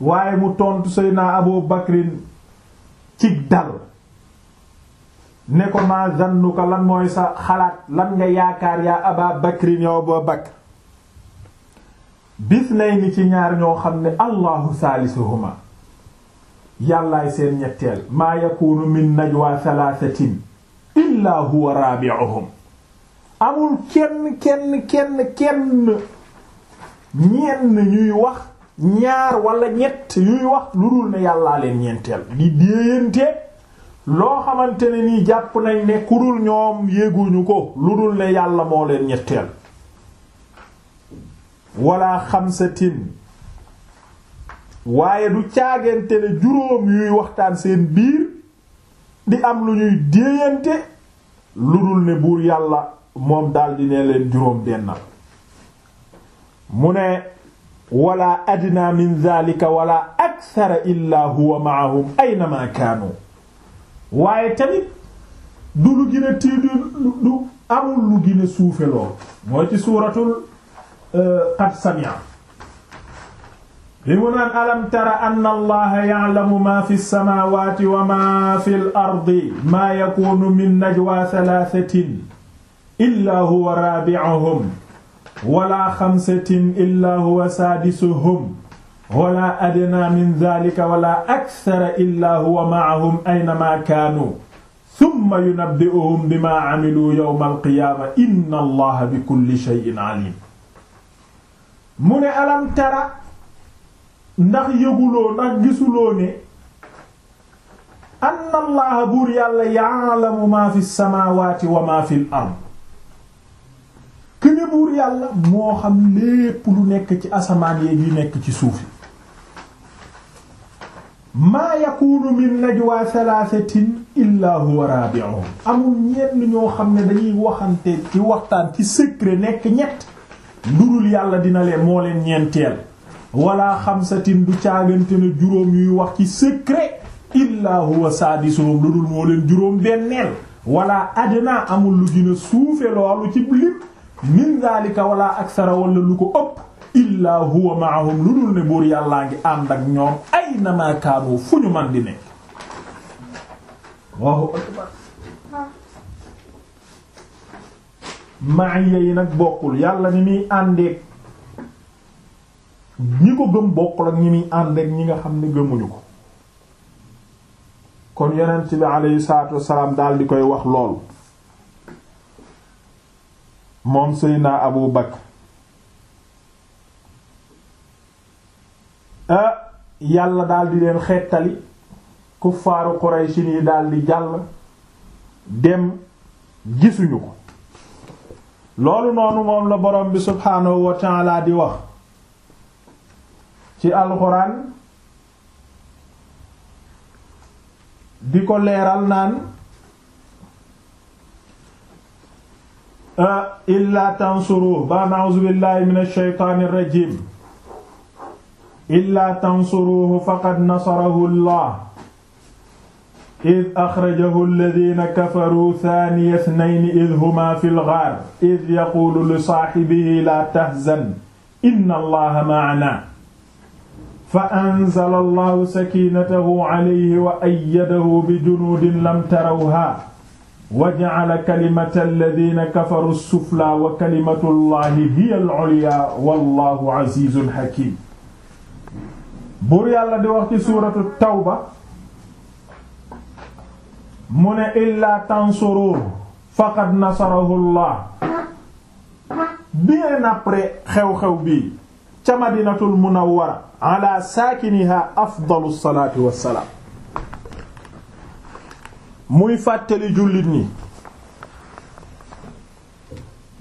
waaye mu tontu Seydina Abu Bakrin ci dal ne ko maa zannuka lan mooy sa xalaat lan nga yaakaar yaa Aba Bakrin yow Abu Bakr bis nay ni ci ñaar ñoo xam ne allahu salisuhuma yàllaay seen ñetteel maa yakunu min najwa thalathatin illaa huwa raabi'uhum amul kenn kenn kenn kenn ñenn ñuy wax ñaar wala ñett yuy wax lu dul ne yàllaa leen ñeenteel di déeyante loo xamante ne nii jàpp nañ ne ku dul ñoom yéguñu ko lu dul ne yàlla moo leen ñetteel wala xamsatin waaye du caagante ne juróom yuy waxtaan seen biir di am lu ñuy déeyante lu dul ne buur yàlla moom daldi ne leen juróom bennal mu ne wala adna min zalika wala akthara illa huwa ma'ahum aynama kaanu waaye tamit du lu gën a du amul lu gën suufe lool mooy ci suuratul euh, qad li mu naan alam tara anna allaha ya'lamu ma fi samawati wa ma fi l ardi maa yakunu min najwa thalathatin illa huwa rabi'uhum wala xamsatin illa huwa saadisuhum wala adna min dhalika wala akthara illa huwa ma'ahum aynama kaanu thumma yunabbi'uhum bima 'amilu yawma al-qiyaama inna allaha bikulli shay'in 'aliim mu ne alam tara ndax yëguloo ndax gisuloo ne anna allaha buur yàlla ya'lamu ma fi wa ma fi këne buur yàlla moo xam lépp lu nekk ci asamaan yeeg yi nekk ci suufi maa yakunu min najwa thalathatin illa huwa rabi'uhum amul ñenn ñoo xam ne dañuy waxante ci waxtaan ci secret nekk ñett ludul yàlla dina leen moo leen ñeenteel wala xamsatin du caagante na juróom yuy wax ci secret illa huwa saadisuhum lu dul moo leen juróom benneel wala adna amul lu gën a suufe loolu ci lim min zalika wala aksara wala lu ko ëpp illa huwa maahum lu dul ne buur yàllaa ngi ànd ak ñoom ay namaakaanu fu ñu man di yi nag bokkul yàlla ni muy àndeek ñi ko gëm bokkul ak ñi muy ànd ak ñi nga xam ne gëmuñu ko kon yonent bi aleyhi salaatu wassalaam daal di koy wax loolu moom Seydina Abu Bakr ah yàlla daal di leen xettali kuffaaru Qurayshi yi daal di jàll dem gisuñu ko loolu noonu moom la borom bi subhaanahu wa ta'ala di wax ci alxuraan di ko leeral naan illaa tansuru ba na'uzu billahi minash shaytaanir rajiim illaa tansuruhu faqad nasarahu allah id axrajahu alladina kafaru thaniya ithnayni id huma fi lgaar id yaquulu li saaxibihi laa tahzan inna allaha ma'ana fa anzala allahu sakiinatahu alayhi wa ayyadahu bi junuudin lam tarawhaa wa ja'ala kalimata alladhiina kafaru suflaa wa kalimatu llahi hiya al-'ulyaa wallaahu 'aziizun hakiim buur yàlla di wax ci suuratu tawba mu ne illaa tansuruuhu faqad nasarahu llah bien après xew-xew bi ca madinatul munawwara ala saakiniha afdalu muy fàttali jullit ñi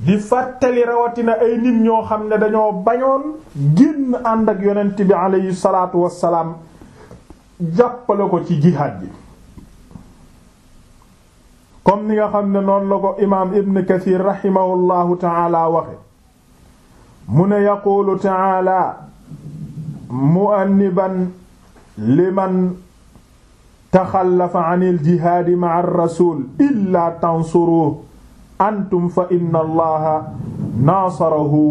di fàttali rawatina ay nit ñoo xam ne dañoo bañoon génn ànd ak yonent bi alayhi salaatu wassalaam jàppale ko ci jihaad bi comme ni nga xam ne noon la ko imaam ibn kathir rahimahullahu taala waxe mu ne yaquulu taala mu'anniban liman taxallafa an iljihaadi ma arrasul illa tansuruhu antum fa inna allaha naasarahu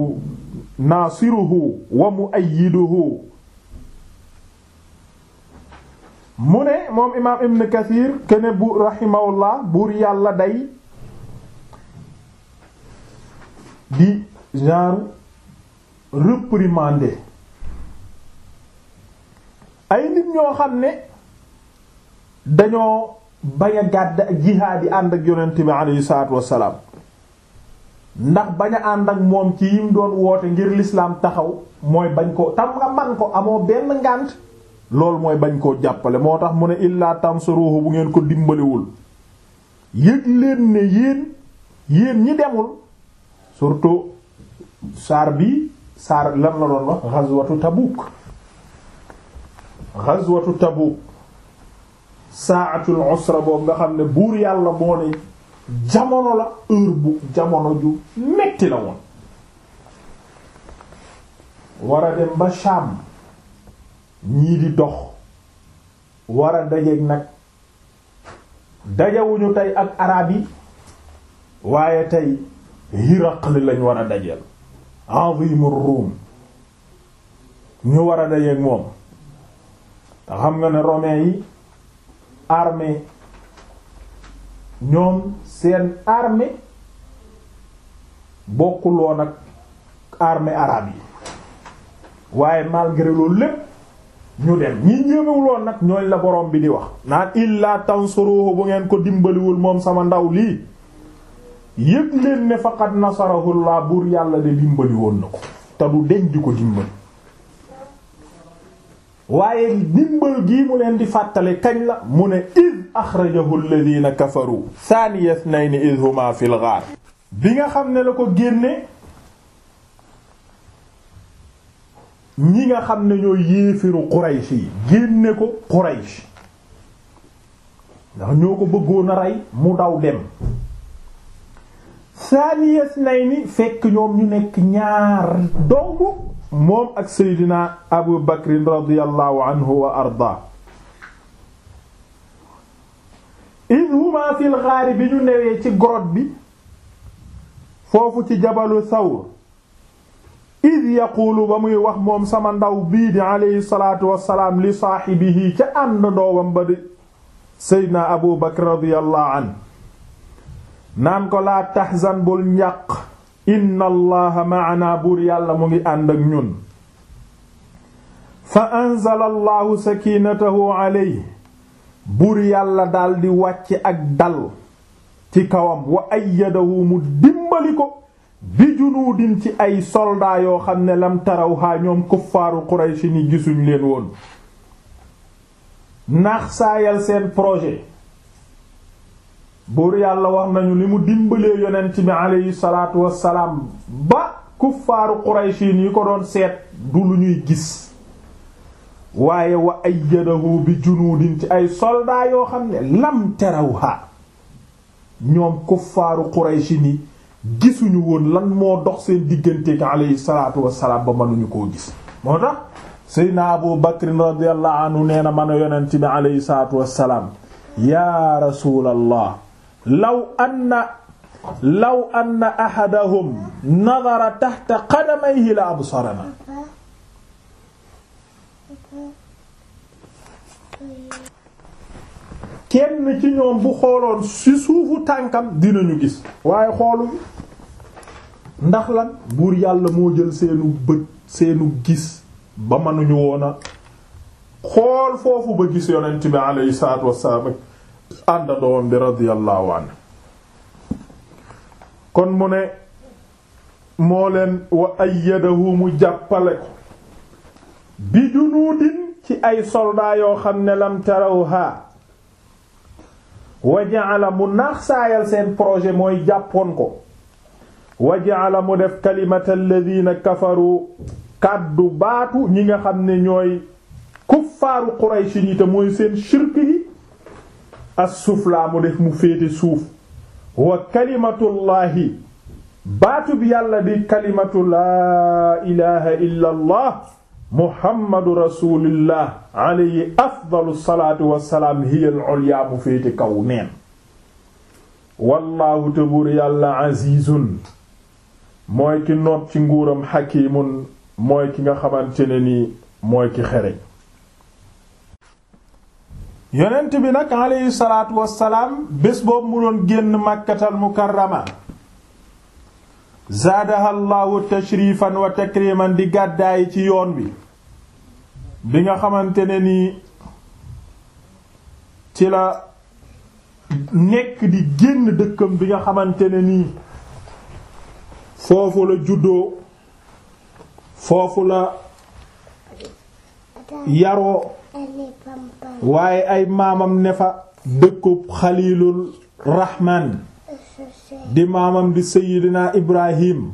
naasiruhu wa mu'ayyiduhu mu ne moom imaam ibn kathir kene bu rahimahullah buur yàlla day di genre réprimander ay nit ñoo xam ne dañoo bañ a gàdd ak jihaad yi ànd ak yonent bi aleyhi salaatu ndax bañ a ànd ak moom ci yim doon woote ngir lislaam taxaw mooy bañ ko tam nga man ko amoo benn ngànt loolu mooy bañ koo jàppale moo tax mu ne illaa tansuruhu bu ngeen ko dimbaliwul yëg ne yéen yéen ñi demul surtout saar bi saar lan la doon wax ghazwatu Tabuk ghazwatu Tabuk sa'atul usra boobu nga xam ne buur yàlla moo ne jamono la heure jamono ju metti la woon war dem ba Sham ñii di dox war a dajeeg nag dajawuñu tey ak araab yi waaye tey Hiraql lañ war a dajeel azimur ruum ñu war a dajeeg moom te xam nga ne romains yi armée ñoom seen armée bokkuloon ak armée arabe yi waaye malgré loolu lépp ñu dem ñi ñëwewuloon nag ñooñ la borom bi di wax naan illa tansuruhu bu ngeen ko dimbaliwul moom sama ndaw lii yëg leen ne faqad nasarahullah buur yàlla de dimbali woon na ko te du deñ di ko dimbali waaye dimbal gii mu leen di fàttale kañ la mu ne id axrajahu alladhina kafaru thaniya ithnayn id huma fil ghaar bi nga xam ne la ko génne ñi nga xam ne ñoo yéefiru Quraysh yi génne ko Quraysh ndax ñoo ko bëggoon a rey mu daw dem thani isnayni fekk ñoom ñu nekk ñaar dong moom ak seydina abu bakrin radiallahu anhu wa arda id huma fil xaari bi ñu newee ci grotte bi foofu ci jabalu thawr id yaquulu ba muy wax moom sama ndaw bii di aleyhi salaatu wassalaam li saaxibihi ca ànd ndoowam ba di seydina abu bakr radiallahu anhu naan ko laa tahzan bul njàq inna allaha maana buur yàlla mu ngi ànd ak ñun fa anzala allahu sakinatahu alayhi buur yàlla daldi wàcc ak dal ci kawam wa ayyadahu mu dimbali ko bi junuudin ci ay soldaa yoo xam ne lam tarawhaa ñoom kuffaaru Quraysh ni gisuñ leen woon naax saayal seen projet buur yàlla wax nañu li mu dimbalee yonent bi aleyhi salaatu wassalaam ba kuffaaru quraychin yi ko doon seet du lu ñuy gis waaye wa ayyadahu bi junuudin ci ay soldat yoo xam ne lam tarawha ñoom kuffaaru quraychin yi gisuñu woon lan moo dox seen digganteeg aleyhi salaatu wassalaam ba mënuñu koo gis moo tax seydna abu bakrin radiyallahu anhu nee na mën a yonent bi aleyhi salaatu salaam yaa rasuulallah law anna law anna ahadahum nadara taxta qadamayhi la absarana kenn ci ñoom bu xooloon ci suufu tànkam dinañu gis waaye xoolu ndax lan buur yàlla moo jël seenu bët seenu gis ba mënuñu woon xool foofu ba gis yonent bi alayhi salaatu wassalaam àndandoom bi radiyallahu anhu kon mu ne moo leen wa ayyadahu mu jàppale ko bi junuudin ci ay soldaa yoo xam ne lam tarawha wa ja'ala mu naax saayal seen projet mooy jàppoon ko wa ja'ala mu def kalimata alladhina kafaru kàddu baatu ñi nga xam ne ñooy kuffaaru Quraysh ñi mooy seen shirk yi as-sufla mu def mu féete suuf wa kalimatullaahi baatu bi yàlla di kalimatu laa ilaha illa allah muhammadu rasulillah alayhi afdalu salaatu wassalaam hiya al-ulya mu féete kaw neen wallaahu tabur yàlla azizun mooy ki noot ci nguuram xakimun mooy ki nga xamante mooy ki xereñ yonent bi nag alayhi salaatu wassalaam bés boobu mu doon génn màkkatal mukarrama zaadaha llahu wa takriman di gàddaay ci yoon bi bi nga xamante ni nii ci la nekk di génn dëkkam bi nga xamante ne nii foofu la juddoo foofu la yaroo waaye ay maamam ne fa dëkkub xaliilul rahmaan di maamam di seydinaa ibrahim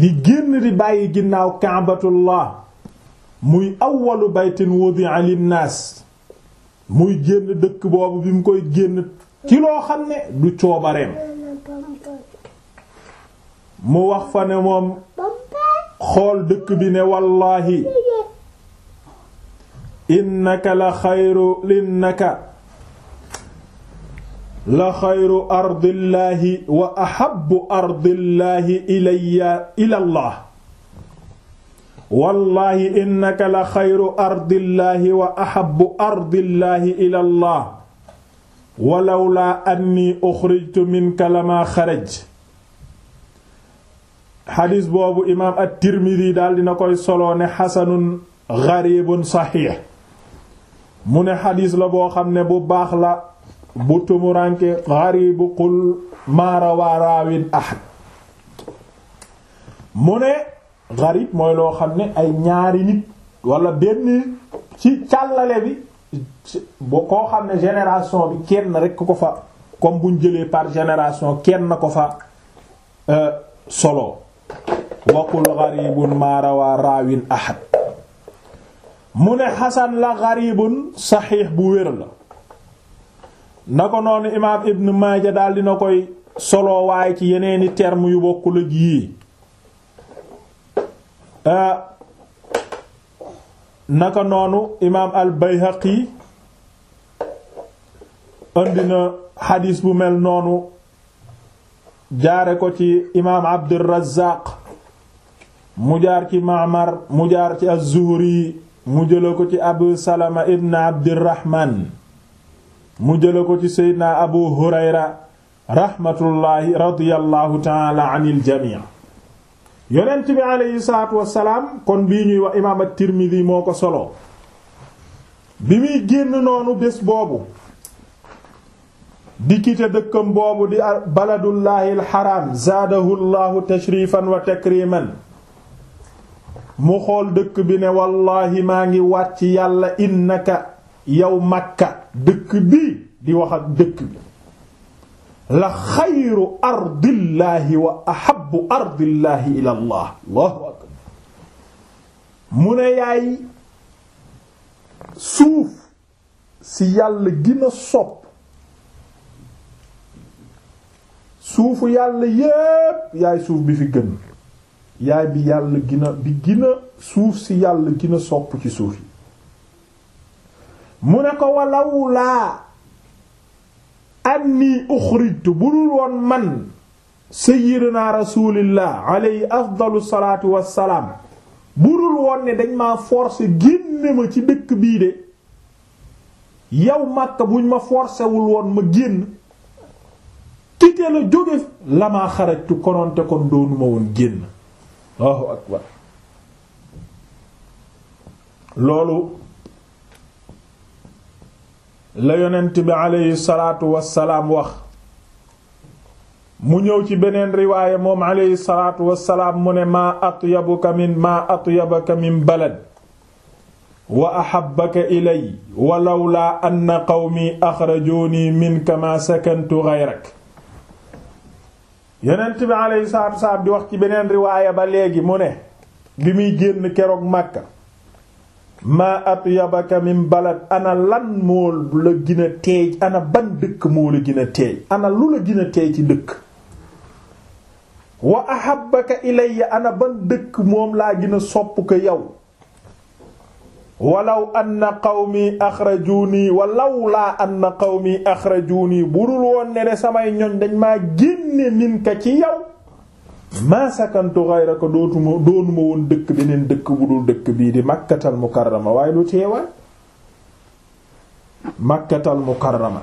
di génn di bàyyi ginnaaw kaabatullah muy awwalu baytin wudi'a linnaas muy génn dëkk boobu bi mu koy génn ci loo xam ne du coobareem mu wax fa ne moom xool dëkk bi ne wallaahi innaka la xayru innaka la xayru ardillaahi wa ahabbu ardillaahi ilayya ilallah wallaahi innaka la xayru ardillaahi wa ahabbu ardillaahi ilallah walawlaa anni uxrijtu minka lamaa xaraj xadiis boobu imaam at-Tirmidi daal dina koy solo ne xasanun gariibun saxiix mu ne xadiis la boo xam ne bu baax la bu tumuranke xaribu qul maarawaa raawin ahad mu ne xarib mooy loo xam ne ay ñaari nit walla benn ci càllale bi boo koo xam ne génération bi kenn rekk ko fa comme buñ jëlee par génération kenn ko fa euh, solo waqul xaribun maarawaa raawin ahad mu ne xasan la garibun saxiix bu wér la na ko noonu imaam ibn maaja daal dina koy solo waaye ci yeneeni terme yu bokkul ak yii ah, naka noonu imaam al bayhaqi indi na xadiis bu mel noonu jaare ko ci imaam abdul razaaq mu jaar ci maamar mu jaar ci az-zuhri mu jëla ko ci abu salama ibn abdirahman mu jëla ko ci seydna abu hurayra rahmatullaahi radiyallahu taala anil jamii yonent bi aleyhi salaatu wasalaam kon bii ñuy wax imaam at-Tirmidhi moo ko solo bi muy génn noonu bés boobu di kite dëkkam boobu di baladullaahi alxaraam zaadahu llaahu tashrifan wa takriman mu xool dëkk bi ne wallaahi maa ngi waat ci yàlla innaka yow makka dëkk bi di wax ak dëkk bi la xayru ardillaahi wa ahabbu ardillaahi ila mu ne yaay suuf si yàlla gën a suufu yàlla yépp yaay suuf bi fi gën yaay bi yàlla gina bi gina suuf si yàlla gina sopp ci suuf yi mu ne ko walawlaa anni uxrijtu bu dul woon man sayyidina rasulillah alayhi afdalu salaatu wassalaam bu dul woon ne dañ ma forcer génne ma ci dëkk bii de yow Makka buñ ma forcer woon ma génn kite la jóge la maa xarajtu kononte kon doonuma woon génn Allahu akbar loolu la yonent bi mu ñëw ci beneen riwaaya moom aleyhi mu ne maa atyabuka min maa atyabaka min balad wa ahabbaka ilay wa lawlaa anna qawmi axrajooni min kama sakantu gayrak yonent bi alayhi salaatu wasalaam di wax ci beneen riwaaya ba léegi mu ne bi muy génn keroog Makka maa atyabaka min balad ana lan moo la gën teey ana ban dëkk moo la gën teey ana lu la gën teey ci dëkk wa ahabbaka ilayya ana ban dëkk moom laa gën a sopp ko yow walaw anna qawmi axrajuuni walawlaa anna qawmi axrajuuni budul woon ne de samay ñoñ dañ maa génne minka ci yow maa sakantu ghayraka dootuma doonuma woon dëkk beneen dëkk budul dëkk bii di makkatal mukarrama waaye lu teewaay makkatal mukarrama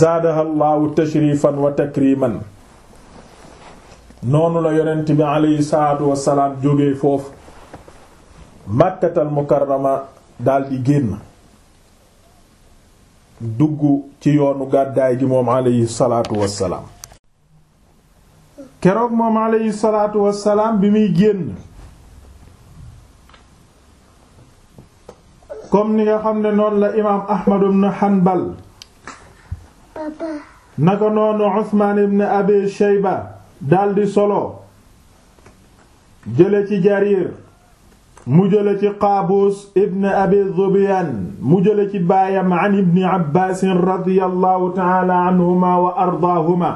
zaadaha llaahu tashrifan wa takriman noonu la yonent bi aleyhi salaatu wassalaam jóge foofu màkkatal mukarrama daldi génn dugg ci yoonu gàddaay gi moom keroog moom aleyhi salaatu bi muy génn kom ni nga xam ne noon la imaam Ahmad ibn Hanbal naka noonu Usmaan ibn Abi Shayba daldi solo jële ci Jarir mu jële ci qaabus ibn abi zubyan mu jële ci baayam an ibni abbaasin radiyallahu taala anhuma wa ardaahuma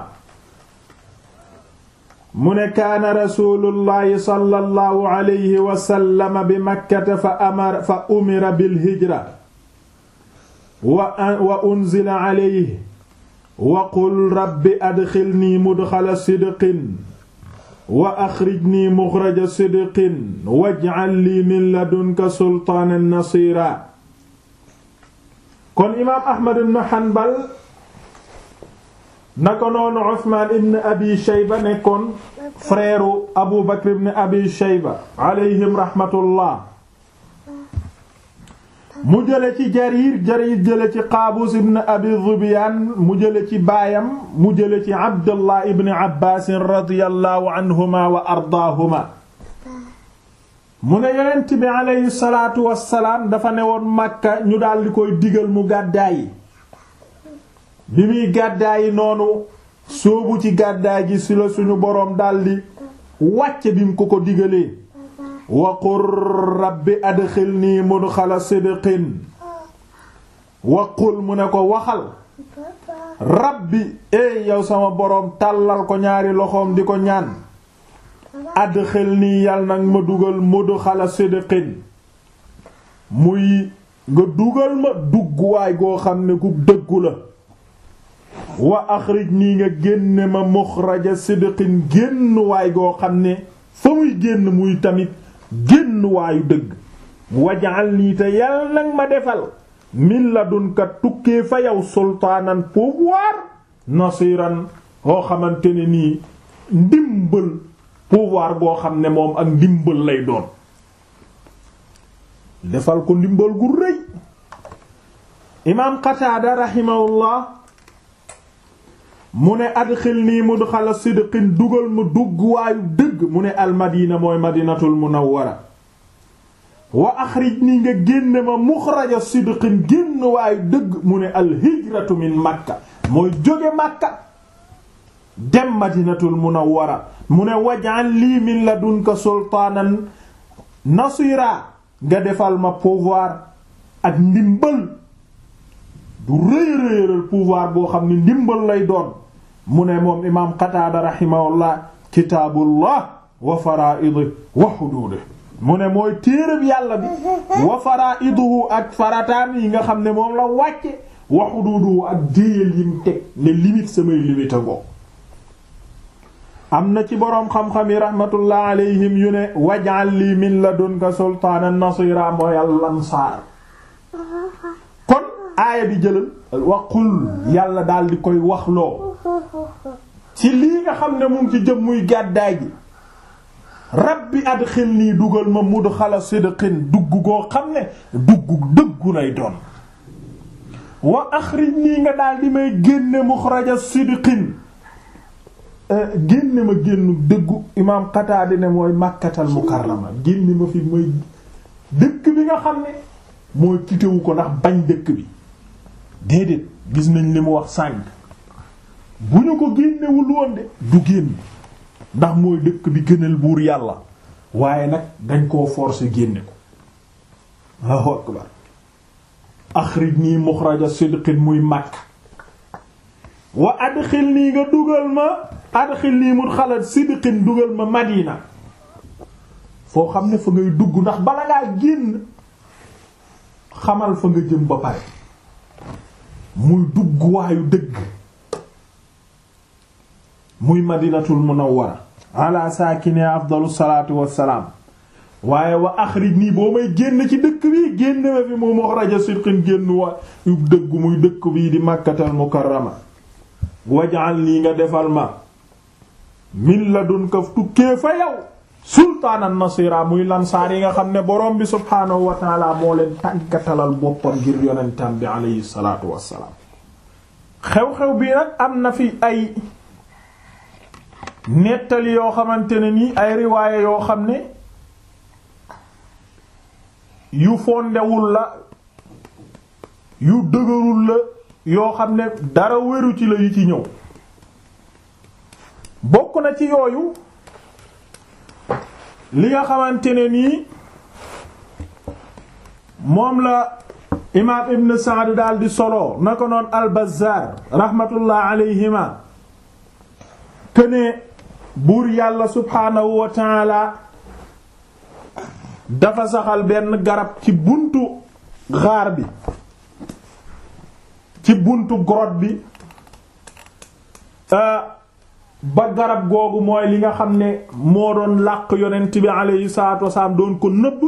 mu ne kaana rasulullahi sallallahu alayhi wa sallam bi makkata fa amara fa umira bilhijra wa wa unzila alayhi wa qul rabbi adxilnii mudxala sidqin wa axrijnii muxraja sidqin waj'al lii min ladunka sultaanan nasiira kon imaam ahmad ibn hanbal nako noonu usmaan ibn abi shayba nekkoon frère u abu bakr ibn abi shayba alayhim rahmatullah mu jële ci jarir jarir jële ci qaabus ibn abi zubyaan mu jële ci baayam mu jële ci abdullah ibn abbaas radiyallahu anhuma wa ardaahuma mu ne yonent bi aleyhi wassalaam dafa ne woon màkka ñu daldi koy digal mu gàddaayi bi muy gàddaayi noonu sóobu ci gàddaay gi si la suñu boroom daldi wàcce bi mu ko ko digalee wa qur rabbi adxilnii mudxala sidqin wa qul mu ne ko waxal rabbi eey yow sama boroom tàllal ko ñaari loxoom di ko ñaan adxilnii yal nag ma dugal mudxala sidqin muy nga dugal ma dugguwaay goo xam ne ku dëggu la wa axrij nii nga génne ma muxraja sidqin génn waay goo xam ne fa muy génn muy tamit génn waayu dëgg wajal lii te yàlla nag ma defal min la dun ka tukkee fa yow sultaanan pouvoir nasiran boo xamante ne nii ndimbal pouvoir boo xam ne moom ak ndimbal lay doon defal ko ndimbal gu rëy mu ne adxilnii mudxala sidqin dugal ma dugg waayu dëgg mu ne almadina mooy madinatul munawwara wa axrijnii nga génne ma muxraja sidqin génn waayu dëgg mu ne alhijratu min makka mooy jóge makka dem madinatul munawwara mu ne waj'al lii min ladunka sultaanan nasiraa nga defal ma pouvoir ak ndimbal du rëy rëyal pouvoir boo xam ni ndimbal lay doon mu ne moom imaam Qataada rahimahullah kitaabullah wa faraa'idu wa huduudu mu ne mooy téereb yàlla bi wa faraa'iduhu ak farataam yi nga xam ne moom la wàcce wa huduuduhu ak déyal yim teg ne limite samay limite ngoo am na ci boroom xam-xam yi rahmatullah alayhim yu ne waj'al lii min ladunka sultaanan nasiira mooy al-ansaar kon aaya bi jëlal waqul yàlla daal di koy waxloo ci lii nga xam ne mu ngi ci jëm muy gàddaay gi rabbi adxilnii dugal ma mudxala sidqin dugg goo xam ne dugg dëggu lay doon wa axrijnii nga daal di may génne muxraja sidqin eh, génne ma génnu dëggu imaam Qataada ne mooy Makkatal Mukarrama génne ma fi mooy dëkk bi nga xam ne mooy tiitewu ko ndax bañ dëkk bi déedéet gis nañ li mu wax sànq bu ñu ko génnewul woon de du génn ndax mooy dëkk bi gënal buur yàlla waaye nag dañ koo forcer génne ko Allahu akbar axrijnii muxraja sidqin muy màkk wa lii nga dugal ma adxilnii mun xalaat sidqin dugal ma Madina foo xam ne fa ngay dugg ndax bala ngaa génn xamal fa nga jëm ba pare muy dugg waayu dëgg muy madinatul munawwara ala saakine afdalu salaatu wassalaam waaye wa axrij nii boo may génn ci dëkk bi génn ma fi mu muxraja sidqin génn wa dëgg muy dëkk bii di màkkatal mukarrama waj'al nii nga defal ma min ladunka tukkee fa yow sultaanan nasira muy lansaar yi nga xam ne boroom bi subhaanahu wa taala moo leen tàggatalal boppam ngir yonentam bi alayhi salaatu wassalaam xew-xew bii nag am na fi ay nettali yoo xamante ne nii ay riwaaye yoo xam ne yu fondewul la yu dëgërul la yoo xam ne dara wéru ci la yu ci ñëw bokk na ci yooyu li nga xamante ni moom la imaam ibn Sa'd daal di solo na ko noon al-Bazzar rahmatullah alayhima këne buur yàlla subhaanahu wa dafa saxal benn garab ci buntu xaar bi ci buntu grotte bi euh, ba garab googu mooy li nga xam ne moo doon làq yonent bi yi saato wasalaam doon ko nëbb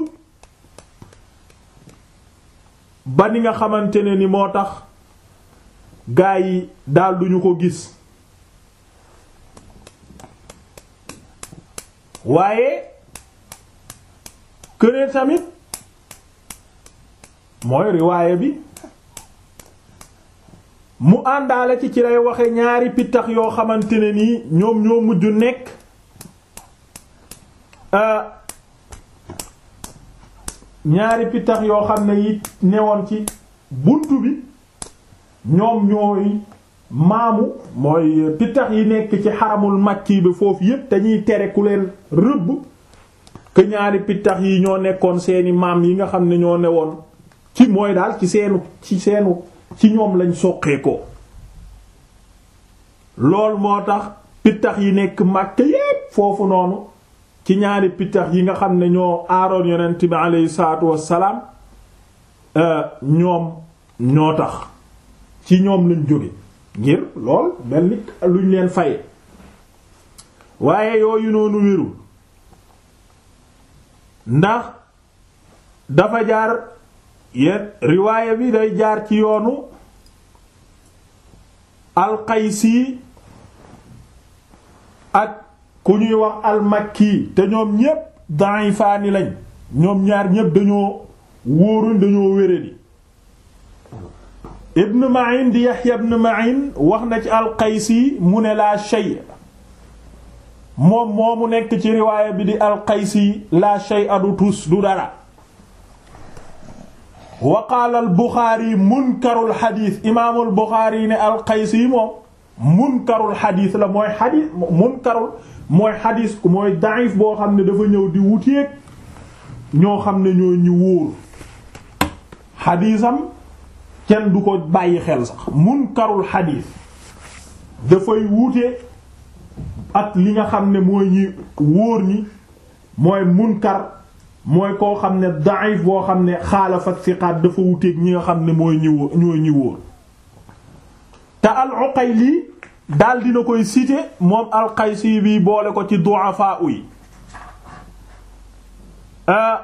ba ni nga xamante ne ni moo tax gaa yi daal duñu ko gis waaye kënee tamit mooy riwaaye bi mu àndaale ci ci lay waxe ñaari pittax yoo xamante ne nii ñoom ñoo mujj nekk euh, ñaari pittax yoo xam ne yi newoon ci bunt bi ñoom ñooy maamu mooy pittax yi nekk ci xaramul makki bi foofu yépp dañuy tere ku leen rëbb que ñaari pittax yi ñoo nekkoon seeni maam yi nga xam ne ñoo woon ci mooy daal ci seenu ci seenu ci ñoom lañ soqeekoo lool moo tax pittax yi nekk Makka yépp foofu noonu ci ñaari pittax yi nga xam ne ñoo aaroon yonent bi aleyhi salaatu wassalaam euh, ñoom ñoo tax ci ñoom lañ jóge ngir lool mel ni luñ leen faye waaye yooyu noonu wérul ndax dafa jaar yéen riwaaya bi day jaar ci yoonu alxaysi ak ku ñuy wax almakki te ñoom ñépp daifaani lañ ñoom ñaar ñépp dañoo wóoruñ dañoo wéradi ibn ma'in di yaxya ibn ma'in wax na ci alqaysi mu ne laa shay moom moomu nekk ci riwaaya bi di alqaysi laa shay adu tus du dara waqaala albuxaari munkarul xadiis imaamul buxaari ne alqaysi moom munkarul xadiis la mooy xadiis mooy xadiis mooy daif boo xam ne dafa ñëw di wuteeg ñoo xam ne ñoo ñu wóor xadiisam kenn du ko bàyyi xel sax munkarul xadiis dafay wute ak li nga xam ne mooy ñi wóor ñi mooy munkar mooy koo xam ne da'if boo xam ne xaalafa siqaat dafa wuteeg ñi nga xam ne mooy ñi wóor ñooy ñi wóor te al-Uqayli daal dina koy citer moom al-Qaysi bi boole ko ci du'afa yi ah,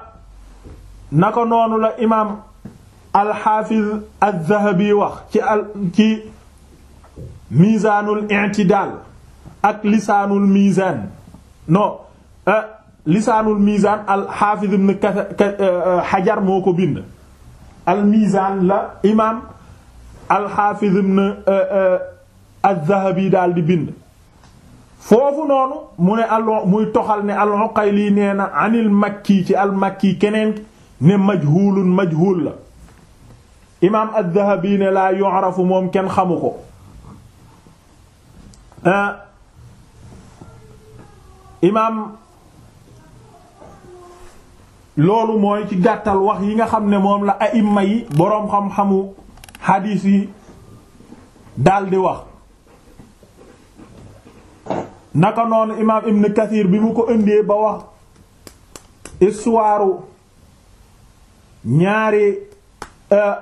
naka noonu la imaam al-Hafiz az wax ci al ci Mizanul i'tidal ak lisaanul mizan non. Ah, lisaanul mizaan al xaafiz ibn xajar euh, euh, moo ko bind al mizaan la imaam al xaafiz ibn euh, al dhahabi daal di bind foofu noonu muy toxal ne al uqayli nee na anil ci al makki keneen ne majhuulun majhuul la imaam al dhahabi ne laa yu'rafu moom kenn xamu ko imaam loolu mooy ci gàttal wax yi nga xam ne moom la aïma yi boroom xam-xamu hadis yi daldi wax naka noonu imaam Ibn Kathir bi mu ko indee ba wax histoire ñaari euh,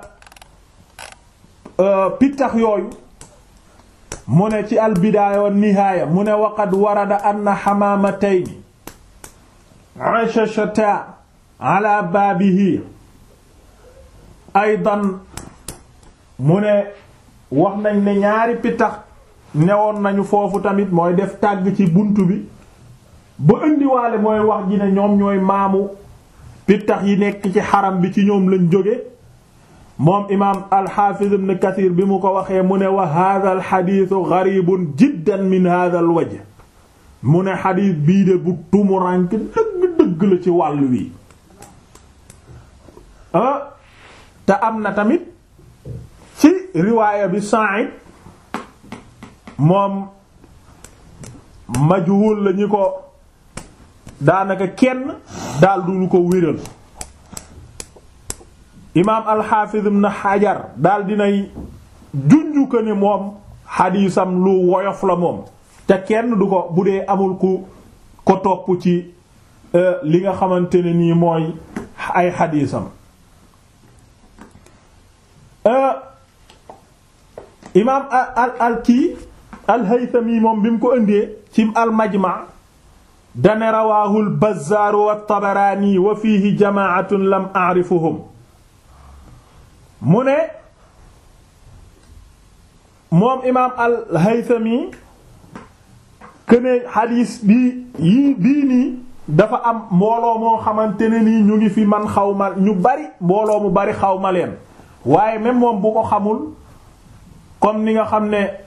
euh, pittax yooyu mu ne ci albidaaya wa nihaaya mu ne waqad warada anna xamaamatayn ashashata ala baabihi aydan mu ne wax nañ ne ñaari pitax newoon nañu foofu tamit mooy def tàgg ci bunt bi ba indiwaale mooy wax ji ne ñoom ñooy maamu pittax yi nekk ci xaram bi ci ñoom lañ jóge moom imaam alxaafiz ibn kathir bi mu ko waxee mu ne wa hadha al xadisu garibun jiddan min hadha al mu ne xadis bii bu tumurank dëgg-dëgg la ci wàll wi Ah, te am na tamit ci riwaaya bi Sa'id moom majhul lañu ko daanaka kenn daal duñu ko wéral imaam alxaafiz ibn Hajar daal dinay junju ko ne moom xadiisam lu woyof la moom te kenn du ko bu dee amul ku ko topp ci eh, li nga xamante ne nii mooy ay xadiisam Euh, imaam al al al-Haythami moom bi mu ko indee ci al-Majma' dane rawaahu al-Bazzaar wa at-Tabaraani wa fiihi jamaa'atun lam a'rifuhum mu ne moom imaam al-Haythami këne xadiis bi yii bii nii dafa am mbooloo moo xamante ne nii ñu ngi fi man xawma ma ñu bari mbooloo mu bari xaw ma leen waaye même bu ko xamul comme ni nga xam ne